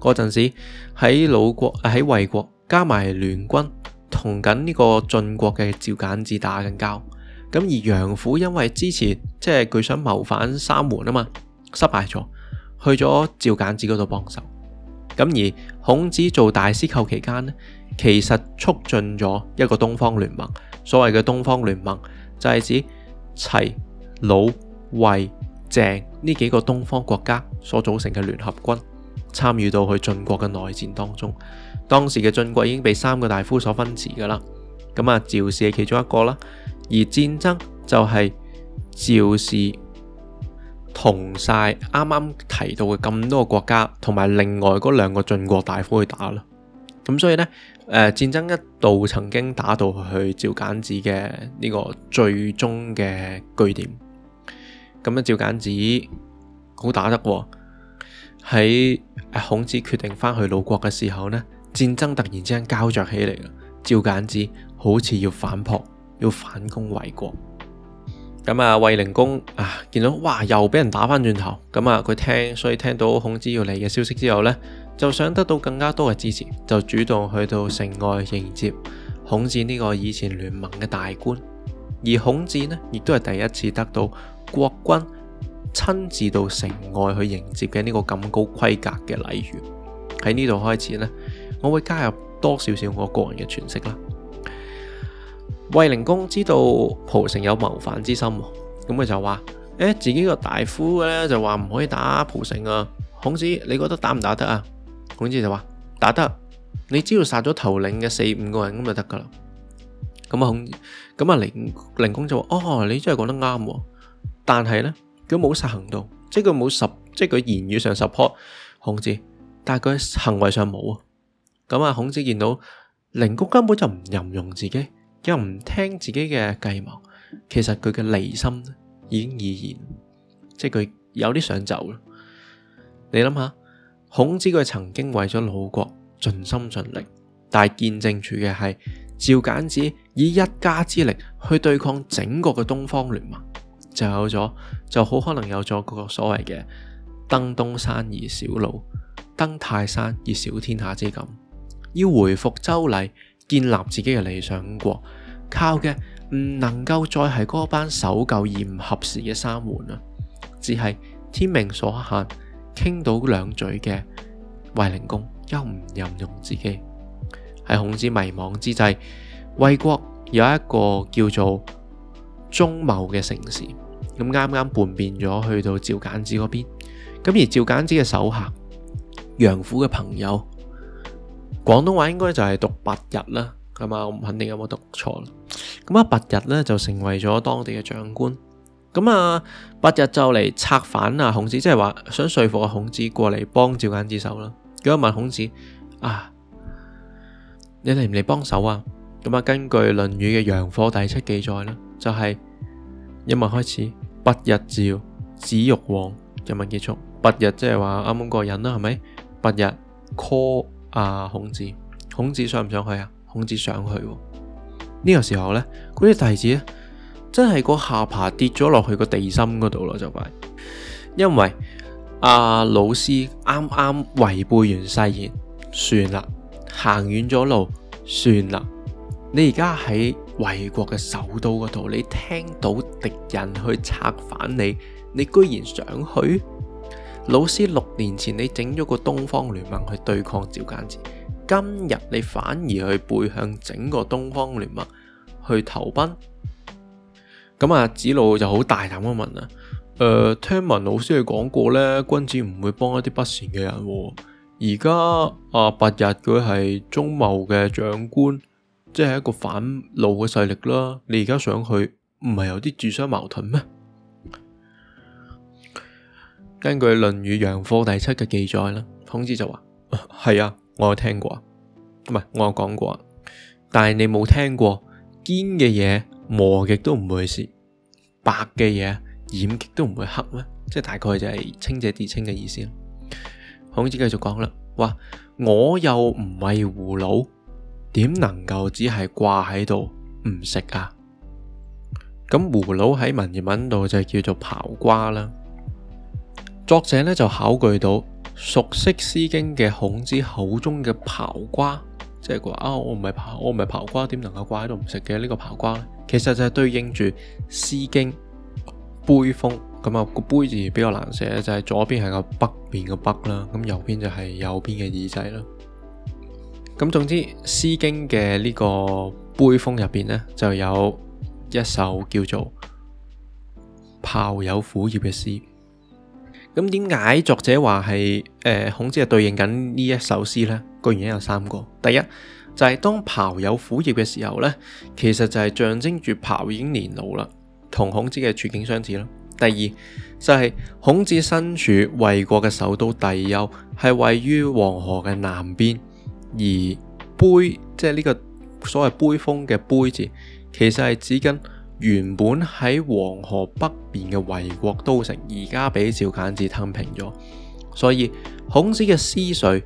嗰陣時喺魯國、喺衛國加埋聯軍，同緊呢個晉國嘅趙簡子打緊交。咁而楊虎因為之前即係佢想謀反三桓啊嘛，失敗咗，去咗趙簡子嗰度幫手。咁而孔子做大司寇期間呢，其實促進咗一個東方聯盟。所謂嘅東方聯盟，就係、是、指齊、魯、衛、鄭呢幾個東方國家所組成嘅聯合軍。參與到去晉國嘅內戰當中，當時嘅晉國已經被三個大夫所分治㗎啦。咁啊，趙氏係其中一個啦。而戰爭就係趙氏同晒啱啱提到嘅咁多個國家，同埋另外嗰兩個晉國大夫去打啦。咁所以呢，誒、呃、戰爭一度曾經打到去趙簡子嘅呢個最終嘅據點。咁啊，趙簡子好打得喎、哦，喺～孔子決定翻去魯國嘅時候呢，戰爭突然之間膠着起嚟，趙簡子好似要反撲，要反攻衛國。咁啊，衛靈公啊見到哇，又俾人打翻轉頭。咁啊，佢聽所以聽到孔子要嚟嘅消息之後呢，就想得到更加多嘅支持，就主動去到城外迎接孔子呢個以前聯盟嘅大官。而孔子呢，亦都係第一次得到國君。親自到城外去迎接嘅呢個咁高規格嘅禮遇，喺呢度開始呢，我會加入多少少我個人嘅詮釋啦。衛靈公知道蒲城有謀反之心，咁佢就話：誒，自己個大夫呢就話唔可以打蒲城啊。孔子你覺得打唔打得啊？孔子就話：打得，你只要殺咗頭領嘅四五個人咁就得㗎喇。咁啊孔，咁啊靈靈公就話：哦，你真係講得啱，但係呢。佢冇實行到，即係佢冇實，即係佢言語上 support 孔子，但係佢行為上冇啊。咁啊，孔子見到寧國根本就唔任用自己，又唔聽自己嘅計謀，其實佢嘅離心已經已然，即係佢有啲想走啦。你諗下，孔子佢曾經為咗魯國盡心盡力，但係見證住嘅係趙簡子以一家之力去對抗整個嘅東方聯盟，就有咗。就好可能有咗個所謂嘅登東山而小魯，登泰山而小天下之感。要回復周禮，建立自己嘅理想國，靠嘅唔能夠再係嗰班守舊而唔合時嘅三桓啦，只係天命所限，傾到兩嘴嘅衛靈公又唔任用自己。喺孔子迷茫之際，魏國有一個叫做中牟嘅城市。咁啱啱叛變咗，去到趙簡子嗰邊。咁而趙簡子嘅手下楊虎嘅朋友，廣東話應該就係讀白日啦，係咪？我唔肯定有冇讀錯啦。咁啊，白日呢，就成為咗當地嘅長官。咁啊，白日就嚟策反啊孔子，即係話想說服阿孔子過嚟幫趙簡子手啦。咁啊問孔子啊，你嚟唔嚟幫手啊？咁啊，根據《論語》嘅楊貨第七記載咧，就係、是、一幕開始。不日照，子欲往，就問結束。不日即係話啱啱嗰個人啦，係咪？不日 call 阿、啊、孔子，孔子想唔想去啊？孔子想去、啊，呢、這個時候咧，嗰啲弟子咧，真係個下巴跌咗落去個地心嗰度咯，就係，因為阿、啊、老師啱啱違背完誓言，算啦，行遠咗路，算啦，你而家喺。衛國嘅首都嗰度，你聽到敵人去策反你，你居然想去？老師六年前你整咗個東方聯盟去對抗趙簡子，今日你反而去背向整個東方聯盟去投奔？咁啊，子路就好大膽咁問啊。誒、呃，聽聞老師你講過呢，君子唔會幫一啲不善嘅人、哦。而家阿八日佢係中牟嘅長官。即係一個反路嘅勢力啦，你而家上去唔係有啲自相矛盾咩？根據《論語陽貨》第七嘅記載啦，孔子就話：係啊，我有聽過，唔係我有講過，但係你冇聽過堅嘅嘢，磨極都唔會蝕，白嘅嘢染極都唔會黑咩？即係大概就係清者自清嘅意思。孔子繼續講啦，話我又唔係胡老，點能夠只係掛喺度唔食啊？咁葫蘆喺文言文度就叫做匏瓜啦。作者咧就考據到熟悉《詩經》嘅孔子口中嘅匏瓜，即係佢話啊，我唔係匏我唔係匏瓜，點能夠掛喺度唔食嘅呢，這個匏瓜？其實就係對應住《詩經》《邶風》咁、那、啊個邶字比較難寫，就係、是、左邊係個北邊嘅北啦，咁右邊就係右邊嘅耳仔啦。咁總之，《詩經》嘅呢個《邶風》入邊呢，就有一首叫做《匏有苦葉》嘅詩。咁點解作者話係誒孔子係對應緊呢一首詩呢？個原因有三個。第一就係、是、當匏有苦葉嘅時候呢，其實就係象徵住匏已經年老啦，同孔子嘅處境相似啦。第二就係、是、孔子身處衛國嘅首都帝丘，係位於黃河嘅南邊。而邶，即係呢個所謂邶風嘅邶字，其實係指緊原本喺黃河北邊嘅衛國都城，而家俾趙簡子吞平咗。所以孔子嘅思緒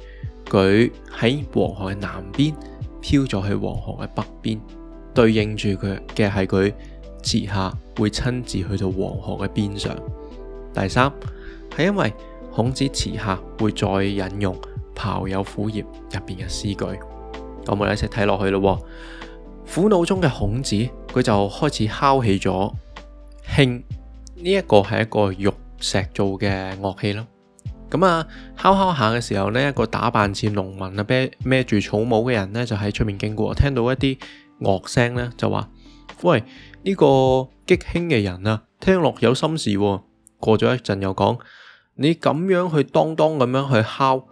佢喺黃河嘅南邊，飄咗去黃河嘅北邊，對應住佢嘅係佢遲下會親自去到黃河嘅邊上。第三係因為孔子遲下會再引用匏有苦葉入邊嘅詩句，咁我哋一齊睇落去咯。苦惱中嘅孔子，佢就開始敲起咗磬，呢一個係一個玉石做嘅樂器咯。咁啊，敲敲下嘅時候呢，一個打扮似農民啊，孭孭住草帽嘅人呢，就喺出面經過，聽到一啲樂聲呢，就話：喂，呢、這個擊磬嘅人啊，聽落有心事、啊。過咗一陣又講，你咁樣去當當咁樣去敲。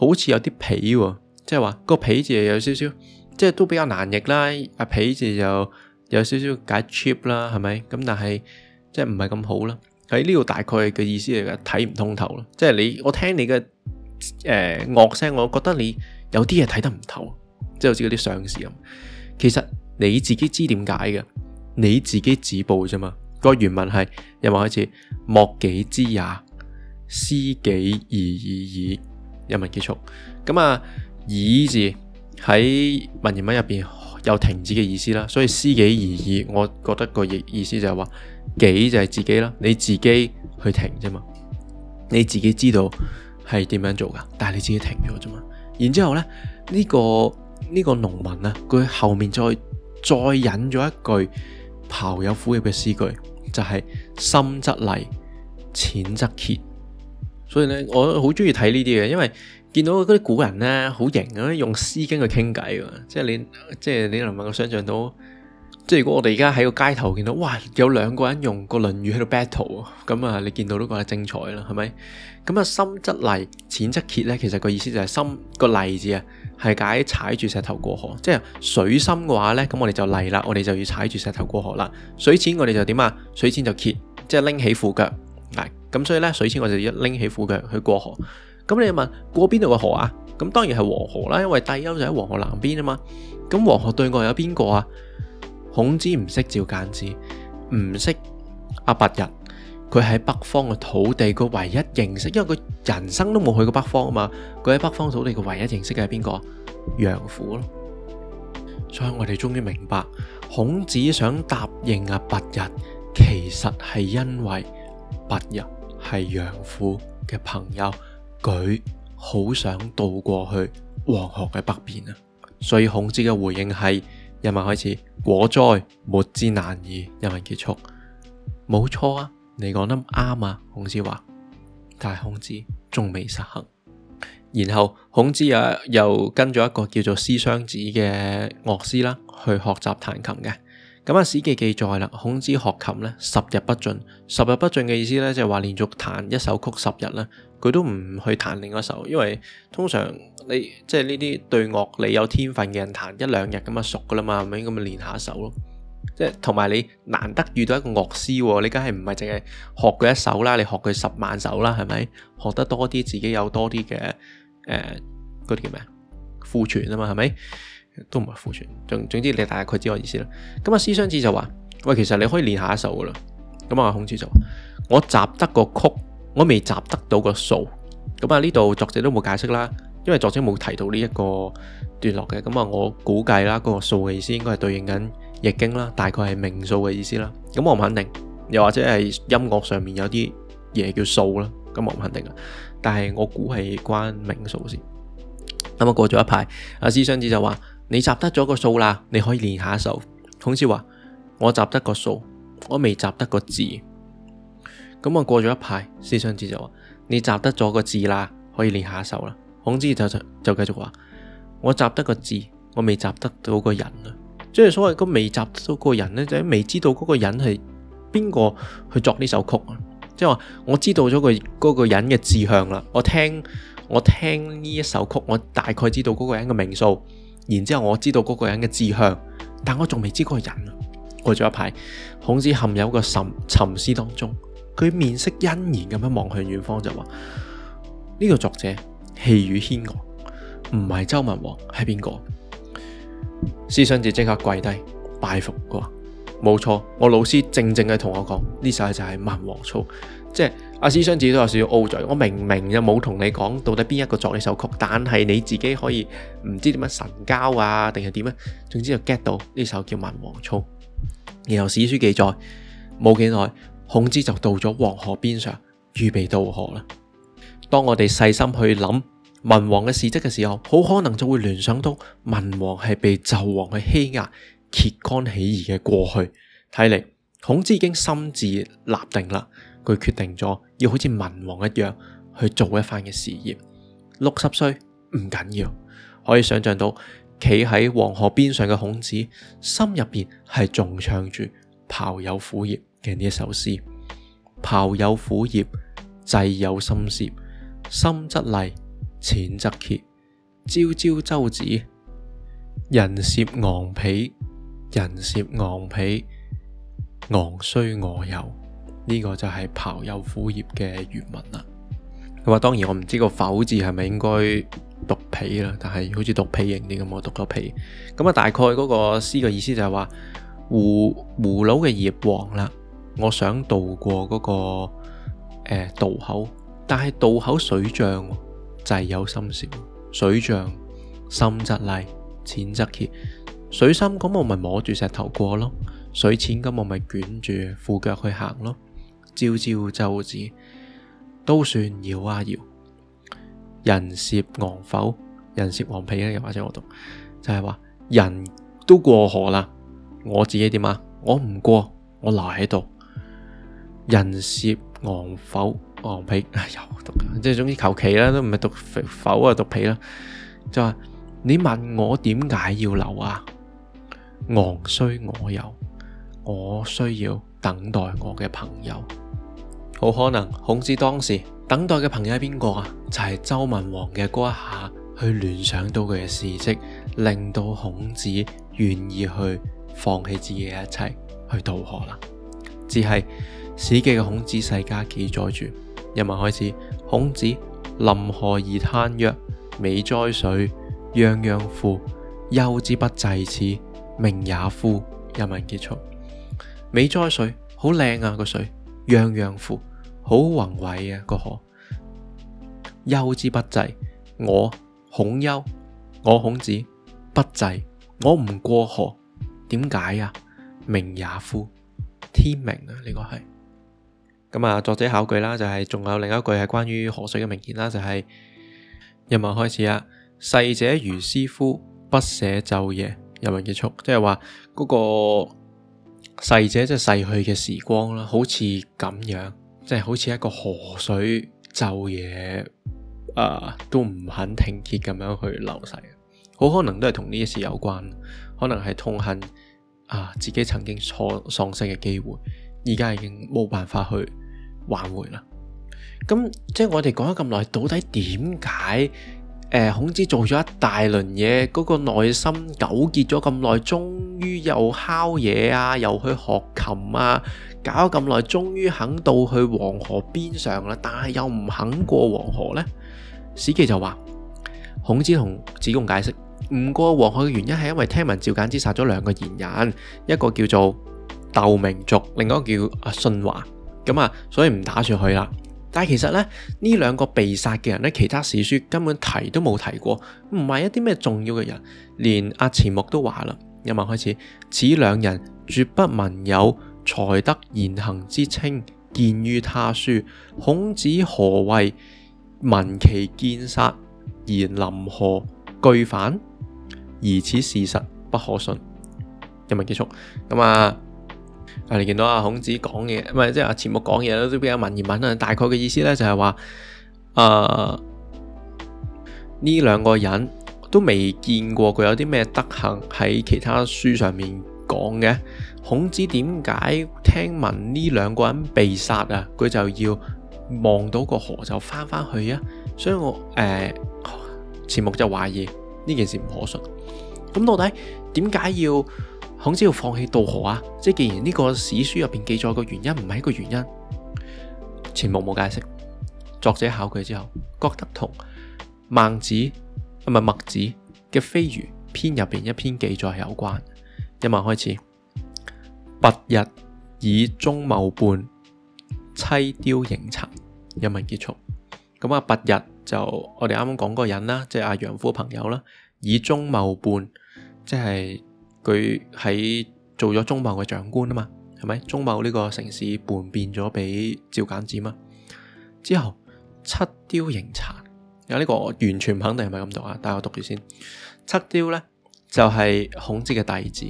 好似有啲皮喎。哦，即係話個皮字有少少，即係都比較難譯啦。阿皮字就有少少解 cheap 啦，係咪？咁但係即係唔係咁好啦。喺呢度大概嘅意思係睇唔通透咯。即係你我聽你嘅誒樂聲，我覺得你有啲嘢睇得唔透，即係好似嗰啲上司咁。其實你自己知點解嘅，你自己止步啫嘛。個原文係又話好似，莫己知也，思己而已矣。有文結束，咁啊，「以」字喺文言文入邊有停止嘅意思啦，所以思己而已，我覺得個意意思就係話己就係自己啦，你自己去停啫嘛，你自己知道係點樣做噶，但係你自己停咗啫嘛。然之後咧，呢、這個呢、這個農民啊，佢後面再再引咗一句匏有苦葉嘅詩句，就係、是、深則厲，淺則揭。所以咧，我好中意睇呢啲嘅，因為見到嗰啲古人咧好型啊，用《詩經》去傾偈喎，即係你，即係你能唔能夠想象到，即係如果我哋而家喺個街頭見到，哇，有兩個人用個《論語》喺度 battle 咁啊，你見到都覺得精彩啦，係咪？咁啊，「深則厲，淺則揭」咧，其實個意思就係深個厲字啊，係解踩住石頭過河，即係水深嘅話咧，咁我哋就嚟啦，我哋就要踩住石頭過河啦；水淺我哋就點啊？水淺就揭，即係拎起褲腳。咁所以咧，水淺我就一拎起褲腳去過河。咁你問過邊度嘅河啊？咁當然係黃河啦，因為帝丘就喺黃河南邊啊嘛。咁黃河對岸有邊個啊？孔子唔識趙簡子，唔識阿伯日。佢、啊、喺北方嘅土地佢唯一認識，因為佢人生都冇去過北方啊嘛。佢喺北方土地佢唯一認識嘅係邊個？陽虎咯。所以我哋終於明白，孔子想答應阿伯日，其實係因為伯日。係陽虎嘅朋友，佢好想渡過去黃河嘅北邊啊！所以孔子嘅回應係：引文開始，果哉，末之難矣。引文結束，冇錯啊！你講得啱啊！孔子話，但係孔子仲未實行。然後孔子啊，又跟咗一個叫做師襄子嘅樂師啦，去學習彈琴嘅。咁啊《史記》記載啦，孔子學琴咧十日不盡。十日不盡嘅意思咧就係、是、話連續彈一首曲十日啦，佢都唔去彈另一首，因為通常你即係呢啲對樂理有天分嘅人彈一兩日咁啊熟噶啦嘛，咁咪練下手咯，即係同埋你難得遇到一個樂師、啊，你梗係唔係淨係學佢一首啦，你學佢十萬首啦，係咪學得多啲，自己有多啲嘅誒嗰啲叫咩啊？庫存啊嘛，係咪？都唔係附傳，總總之你大概知我意思啦。咁啊，師襄子就話：喂，其實你可以練下一首噶啦。咁啊，孔子就話：我習得個曲，我未習得到個數。咁啊，呢度作者都冇解釋啦，因為作者冇提到呢一個段落嘅。咁啊，我估計啦，嗰個數嘅意思應該係對應緊易經啦，大概係命數嘅意思啦。咁我唔肯定，又或者係音樂上面有啲嘢叫數啦，咁我唔肯定啦。但係我估係關命數先。咁啊，過咗一排，阿師襄子就話。你集得咗個數啦，你可以練下手。孔子話：我集得個數，我未集得個字。咁啊，過咗一排，思想之就話：你集得咗個字啦，可以練下手啦。孔子就就繼續話：我集得個字，我未集得到個人啊。即係所謂個未集得到個人呢，就未知道嗰個人係邊個去作呢首曲啊。即係話我知道咗個嗰個人嘅志向啦，我聽我聽呢一首曲，我大概知道嗰個人嘅名數。然之後我知道嗰個人嘅志向，但我仲未知嗰個人。過咗一排，孔子陷入一個沉沉思當中，佢面色欣然咁樣望向遠方就話：呢個作者氣宇軒昂，唔係周文王，係邊個？師襄子即刻跪低拜服，佢話：冇錯，我老師正正嘅同我講，呢首就係文王操，即係。阿師襄子都有少少傲嘴，我明明又冇同你講到底邊一個作呢首曲，但係你自己可以唔知點樣神交啊，定係點啊？總之就 get 到呢首叫文王操。然後史書記載冇幾耐，孔子就到咗黃河邊上預備渡河啦。當我哋細心去諗文王嘅事迹嘅時候，好可能就會聯想到文王係被紂王去欺壓、揭竿起義嘅過去。睇嚟孔子已經心志立定啦。佢決定咗要好似文王一樣去做一番嘅事業。六十歲唔緊要，可以想象到企喺黃河邊上嘅孔子，心入邊係仲唱住《匏有苦葉》嘅呢一首詩。匏有苦葉，濟有深涉，深則厲，淺則揭。招招舟子，人涉卬否，人涉卬否，卬須我友。呢個就係匏有苦葉嘅原文啦。佢話：當然我唔知個否字係咪應該讀皮啦，但係好似讀皮型啲咁，我讀咗皮。咁啊，大概嗰個詩嘅意思就係話：葫葫蘆嘅葉黃啦，我想渡過嗰個、呃、渡口，但係渡口水漲，濟有深涉。水漲，深則厲，淺則揭。水深咁我咪摸住石頭過咯，水淺咁我咪捲住褲腳去行咯。招招舟子都算搖啊搖，人涉昂否？人涉昂皮啊？又或者我讀就係、是、話人都過河啦，我自己點啊？我唔過，我留喺度。人涉昂否？昂皮又讀，即係總之求其啦，都唔係讀否啊，讀皮啦。就話你問我點解要留啊？昂需我有，我需要等待我嘅朋友。好可能孔子當時等待嘅朋友係邊個啊？就係周文王嘅嗰一下，去聯想到佢嘅事跡，令到孔子願意去放棄自己嘅一切去渡河啦。只係《史記》嘅孔子世家記載住，引文開始，孔子臨河而嘆曰：美哉水，洋洋乎，丘之不濟此，命也夫！引文結束。美哉水，好靚啊！個水，洋洋乎。好宏偉啊！這個河丘之不濟，我孔丘，我孔子不濟，我唔過河，點解啊？命也夫，天命啊！呢、這個係咁啊。作者考據啦，就係、是、仲有另一句係關於河水嘅名言啦，就係、是、引文開始啊。逝者如斯夫，不舍晝夜。引文結束，即係話嗰個逝者即係逝去嘅時光啦，好似咁樣。即係好似一個河水晝夜，啊，都唔肯停歇咁樣去流逝，好可能都係同呢一事有關，可能係痛恨啊自己曾經錯喪失嘅機會，而家已經冇辦法去挽回啦。咁即係我哋講咗咁耐，到底點解？孔子做咗一大輪嘢，嗰、嗰個內心糾結咗咁耐，終於又敲嘢啊，又去學琴啊，搞咁耐，終於肯到去黃河邊上啦，但係又唔肯過黃河呢？史記就話，孔子同子貢解釋唔過黃河嘅原因係因為聽聞趙簡子殺咗兩個賢人，一個叫做竇鳴犢，另一個叫阿舜華，咁啊，所以唔打算去啦。但其實呢，呢兩個被殺嘅人呢，其他史書根本提都冇提過，唔係一啲咩重要嘅人，連阿錢穆都話啦，一文開始，此兩人絕不聞有才德言行之稱見於他書，孔子何為聞其見殺而臨河遽返？而此事實不可信。一文結束，咁啊。我哋見到啊，孔子講嘢，唔係即係啊，錢穆講嘢都比較文言文啊。大概嘅意思咧就係話，誒、呃，呢兩個人都未見過佢有啲咩德行喺其他書上面講嘅。孔子點解聽聞呢兩個人被殺啊？佢就要望到個河就翻翻去啊？所以我誒、呃，錢穆就懷疑呢件事唔可信。咁到底點解要？孔子要放棄渡河啊！即係既然呢個史書入邊記載個原因唔係一個原因，全部冇解釋。作者考據之後，覺得同孟子唔係墨子嘅《非儒》篇入邊一篇記載有關。一文開始，佛肸以中牟叛，漆雕刑殘。一文結束。咁啊，佛肸就我哋啱啱講個人啦，即係阿陽虎朋友啦，以中牟叛，即係。佢喺做咗中牟嘅長官啊嘛，係咪？中牟呢個城市叛變咗俾趙簡子嘛。之後七雕刑殘，啊、這、呢個完全唔肯定係咪咁讀啊，但我讀住先。七雕呢，就係、是、孔子嘅弟子，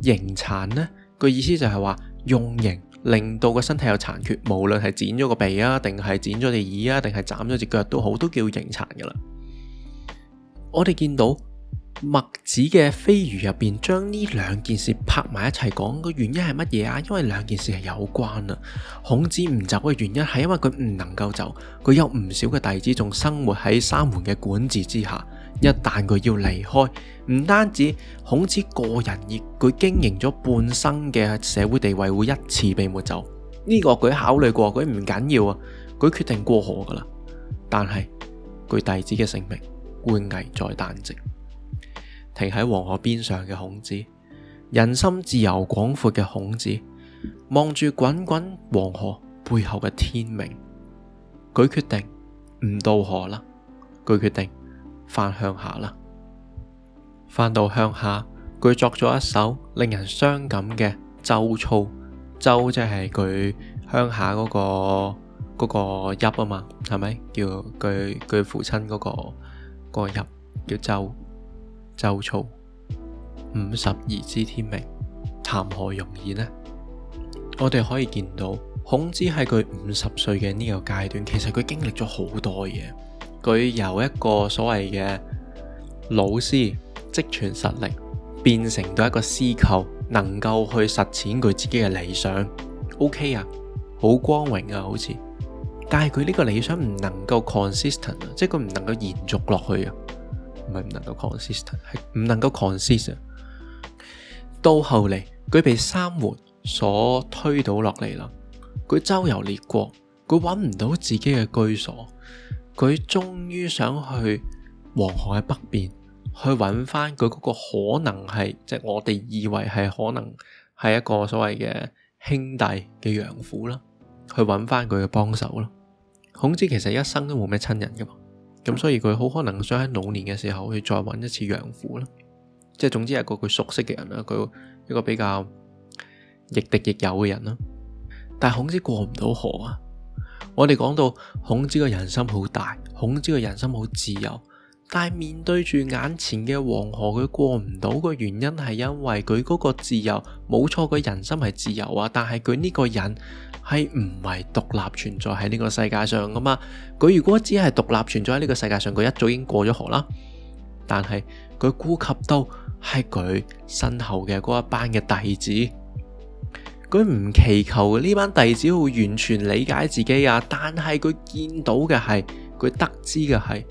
刑殘呢，個意思就係話用刑令到個身體有殘缺，無論係剪咗個鼻啊，定係剪咗隻耳啊，定係斬咗隻腳都好，都叫刑殘噶啦。我哋見到。墨子嘅非儒入邊將呢兩件事拍埋一齊講嘅原因係乜嘢啊？因為兩件事係有關啊。孔子唔走嘅原因係因為佢唔能夠走，佢有唔少嘅弟子仲生活喺三桓嘅管治之下。一旦佢要離開，唔單止孔子個人，而佢經營咗半生嘅社會地位會一次被抹走。呢、這個佢考慮過，佢唔緊要啊，佢決定過河噶啦。但係佢弟子嘅性命會危在旦夕。停喺黃河邊上嘅孔子，人心自由廣闊嘅孔子，望住滾滾黃河背後嘅天命，佢決定唔渡河啦。佢決定翻鄉下啦。翻到鄉下，佢作咗一首令人傷感嘅《周操》。周即係佢鄉下嗰個嗰個邑啊嘛，係咪？叫佢佢父親嗰個嗰個邑叫周。周遭。五十而知天命，談何容易呢？我哋可以見到孔子喺佢五十歲嘅呢個階段，其實佢經歷咗好多嘢。佢由一個所謂嘅老師積存實力，變成到一個司寇，能夠去實踐佢自己嘅理想。OK 啊，好光榮啊，好似，但係佢呢個理想唔能夠 consistent，即係佢唔能夠延續落去啊。唔係唔能夠 consistent，係唔能夠 consistent。到後嚟佢被三桓所推倒落嚟啦，佢周遊列國，佢揾唔到自己嘅居所，佢終於想去黃河嘅北邊去揾翻佢嗰個可能係，即係我哋以為係可能係一個所謂嘅兄弟嘅養父啦，去揾翻佢嘅幫手咯。孔子其實一生都冇咩親人噶嘛。咁所以佢好可能想喺老年嘅時候去再揾一次養父啦，即係總之係個佢熟悉嘅人啦，佢一個比較亦敵亦友嘅人啦。但係孔子過唔到河啊！我哋講到孔子嘅人心好大，孔子嘅人心好自由，但係面對住眼前嘅黃河，佢過唔到嘅原因係因為佢嗰個自由，冇錯，佢人心係自由啊，但係佢呢個人。係唔係獨立存在喺呢個世界上噶嘛？佢如果只係獨立存在喺呢個世界上，佢一早已經過咗河啦。但係佢顧及到係佢身後嘅嗰一班嘅弟子，佢唔祈求呢班弟子會完全理解自己啊。但係佢見到嘅係，佢得知嘅係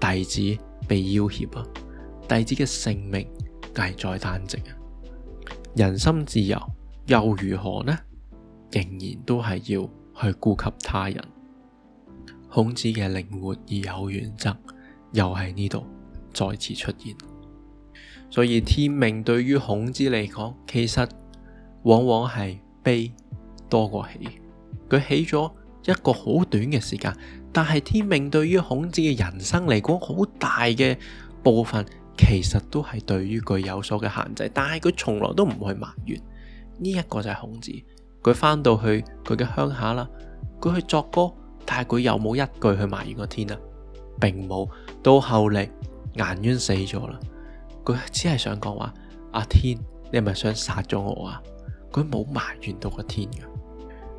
弟子被要挾啊，弟子嘅性命危在旦夕啊。人心自由又如何呢？仍然都係要去顧及他人，孔子嘅靈活而有原則，又喺呢度再次出現。所以天命對於孔子嚟講，其實往往係悲多過喜。佢起咗一個好短嘅時間，但係天命對於孔子嘅人生嚟講，好大嘅部分其實都係對於佢有所嘅限制。但係佢從來都唔會埋怨。呢一個就係孔子。佢翻到去佢嘅鄉下啦，佢去作歌，但係佢有冇一句去埋怨個天啊？並冇。到後嚟顏淵死咗啦，佢只係想講話：阿、啊、天，你係咪想殺咗我啊？佢冇埋怨到個天嘅。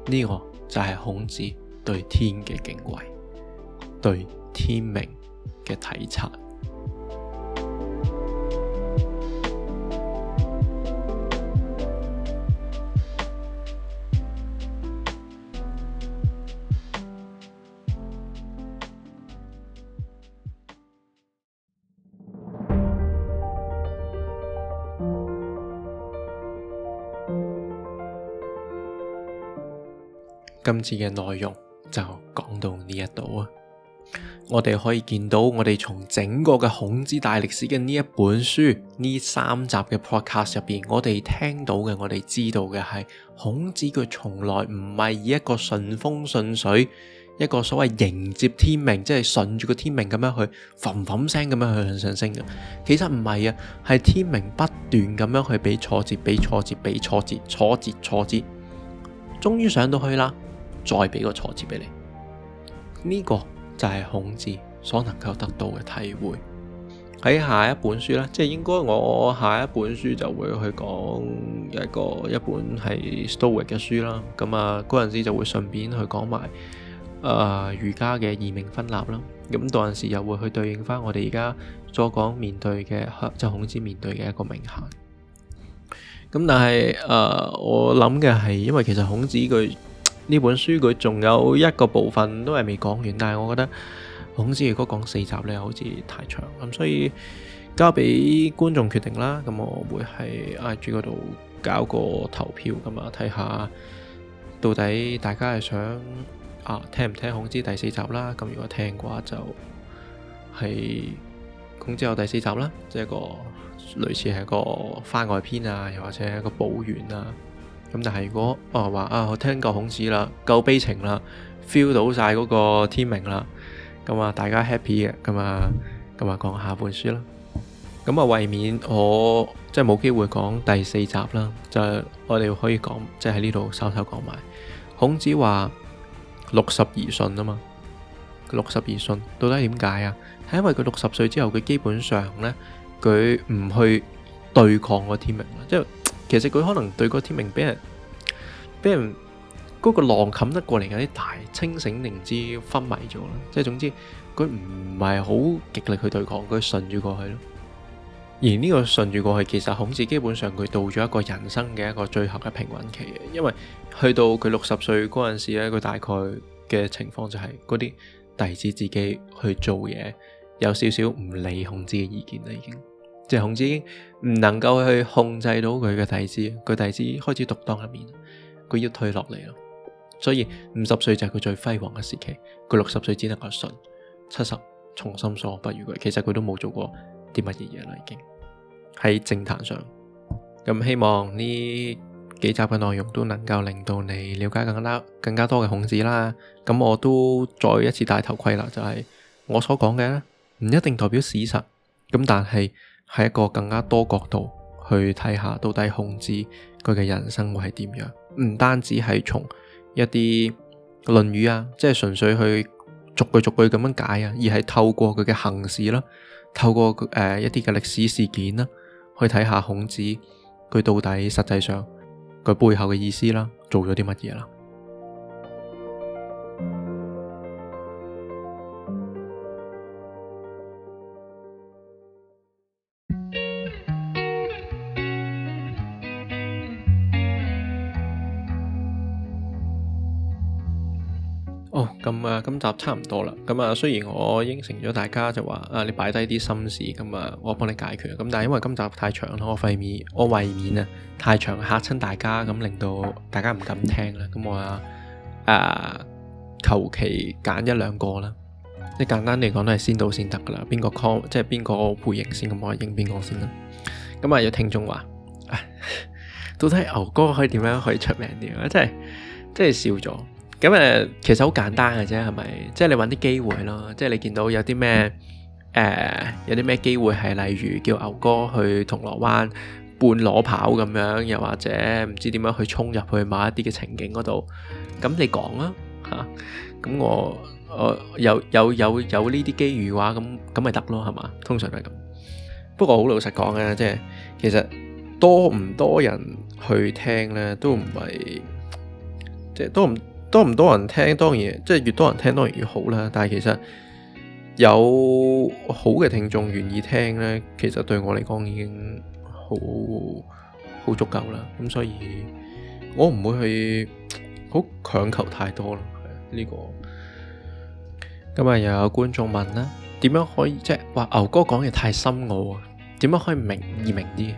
呢、這個就係孔子對天嘅敬畏，對天命嘅體察。今次嘅內容就講到呢一度啊！我哋可以見到，我哋從整個嘅《孔子大歷史》嘅呢一本書，呢三集嘅 podcast 入邊，我哋聽到嘅，我哋知道嘅係孔子佢從來唔係以一個順風順水，一個所謂迎接天命，即係順住個天命咁樣去，嘭嘭聲咁樣去向上升嘅。其實唔係啊，係天命不斷咁樣去俾挫折，俾挫折，俾挫折，挫折，挫折，終於上到去啦。再俾個挫折俾你，呢、這個就係孔子所能夠得到嘅體會。喺下一本書啦，即係應該我下一本書就會去講一個一本係 story 嘅書啦。咁啊，嗰陣時就會順便去講埋誒儒家嘅二名分立啦。咁到陣時又會去對應翻我哋而家所講面對嘅，即、就是、孔子面對嘅一個名言。咁但係誒、呃，我諗嘅係因為其實孔子佢。呢本書佢仲有一個部分都係未講完，但係我覺得孔子如果講四集咧，好似太長咁，所以交俾觀眾決定啦。咁我會喺 IG 嗰度搞個投票咁啊，睇下到底大家係想啊聽唔聽孔子第四集啦？咁如果聽嘅話，就係，就係孔子有第四集啦，即係個類似係個番外篇啊，又或者係個補完啊。咁但係如果我啊話啊我聽夠孔子啦，夠悲情啦，feel 到晒嗰個天命啦，咁啊大家 happy 嘅，咁啊咁啊講下本書啦，咁啊為免我即係冇機會講第四集啦，就我哋可以講即係喺呢度稍稍講埋孔子話六十而順啊嘛，六十而順到底點解啊？係因為佢六十歲之後佢基本上咧佢唔去對抗個天命啊，即係。其實佢可能對個天命俾人俾人嗰個浪冚得過嚟有啲大，清醒定知昏迷咗啦。即係總之佢唔係好極力去對抗，佢順住過去咯。而呢個順住過去，其實孔子基本上佢到咗一個人生嘅一個最後嘅平穩期嘅，因為去到佢六十歲嗰陣時咧，佢大概嘅情況就係嗰啲弟子自己去做嘢，有少少唔理孔子嘅意見啦已經。即係孔子唔能夠去控制到佢嘅弟子，佢弟子開始獨當一面，佢要退落嚟咯。所以五十歲就係佢最輝煌嘅時期，佢六十歲只能夠順，七十，70，從心所欲。佢其實佢都冇做過啲乜嘢嘢啦，已經喺政壇上。咁希望呢幾集嘅內容都能夠令到你了解更加更加多嘅孔子啦。咁我都再一次戴頭盔啦，就係我所講嘅唔一定代表事實。咁但係。係一個更加多角度去睇下到底孔子佢嘅人生會係點樣，唔單止係從一啲《論語》啊，即係純粹去逐句逐句咁樣解啊，而係透過佢嘅行事啦，透過誒一啲嘅歷史事件啦，去睇下孔子佢到底實際上佢背後嘅意思啦，做咗啲乜嘢啦。今集差唔多啦，咁啊雖然我應承咗大家就話啊，你擺低啲心事，咁啊我幫你解決，咁但係因為今集太長啦，我費面，我為免啊太長嚇親大家，咁令到大家唔敢聽啦，咁我啊誒求其揀一兩個啦，你係簡單嚟講都係先到先得噶啦，邊個 call 即係邊個配型先，咁我應邊個先啦，咁啊有聽眾話，哎，到底牛哥可以點樣可以出名啲啊？真係真係笑咗。咁誒，其實好簡單嘅啫，係咪？即係你揾啲機會咯，即係你見到有啲咩誒，有啲咩機會係例如叫牛哥去銅鑼灣半裸跑咁樣，又或者唔知點樣去衝入去某一啲嘅情景嗰度，咁你講啊嚇。咁我我有有有有呢啲機遇嘅話，咁咁咪得咯，係嘛？通常都係咁。不過好老實講咧，即係其實多唔多人去聽咧，都唔係即係都唔？多唔多人聽，當然即係越多人聽，當然越好啦。但係其實有好嘅聽眾願意聽咧，其實對我嚟講已經好好足夠啦。咁所以，我唔會去好強求太多啦。呢個咁啊，又有觀眾問啦，點樣可以即係話牛哥講嘢太深奧啊？點樣可以明易明啲？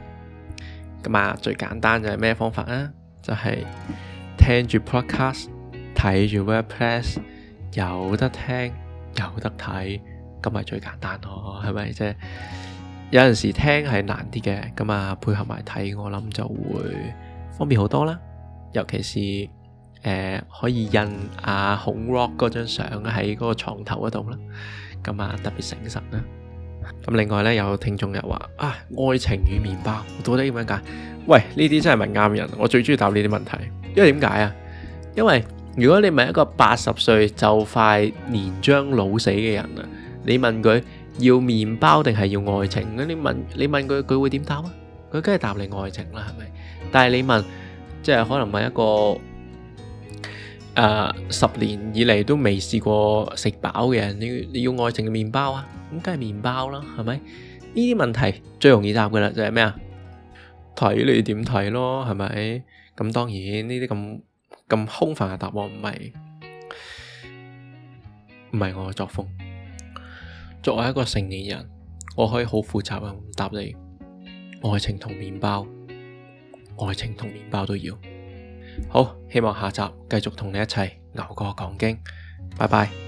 咁啊，最簡單就係咩方法咧？就係聽住 podcast。睇住 WordPress 有得聽有得睇咁咪最簡單咯，係咪即係？有陣時聽係難啲嘅，咁啊配合埋睇，我諗就會方便好多啦。尤其是誒、呃、可以印阿、啊、孔 rock 嗰張相喺嗰個牀頭嗰度啦，咁啊特別醒神啦。咁另外咧，有聽眾又話啊，愛情與麵包我到底點樣解？」喂，呢啲真係問啱人，我最中意答呢啲問題，因為點解啊？因為如果你問一個八十歲就快年將老死嘅人啊，你問佢要麵包定係要愛情？咁你問你問佢，佢會點答啊？佢梗係答你愛情啦，係咪？但係你問，即係可能問一個誒，十年以嚟都未試過食飽嘅人，你你要愛情嘅麵包啊？咁梗係麵包啦，係咪？呢啲問題最容易答噶啦，就係咩啊？睇你點睇咯，係咪？咁當然呢啲咁。咁空泛嘅答案唔係唔係我嘅作風。作為一個成年人，我可以好負責咁答你。愛情同麵包，愛情同麵包都要。好，希望下集繼續同你一齊牛哥講經。拜拜。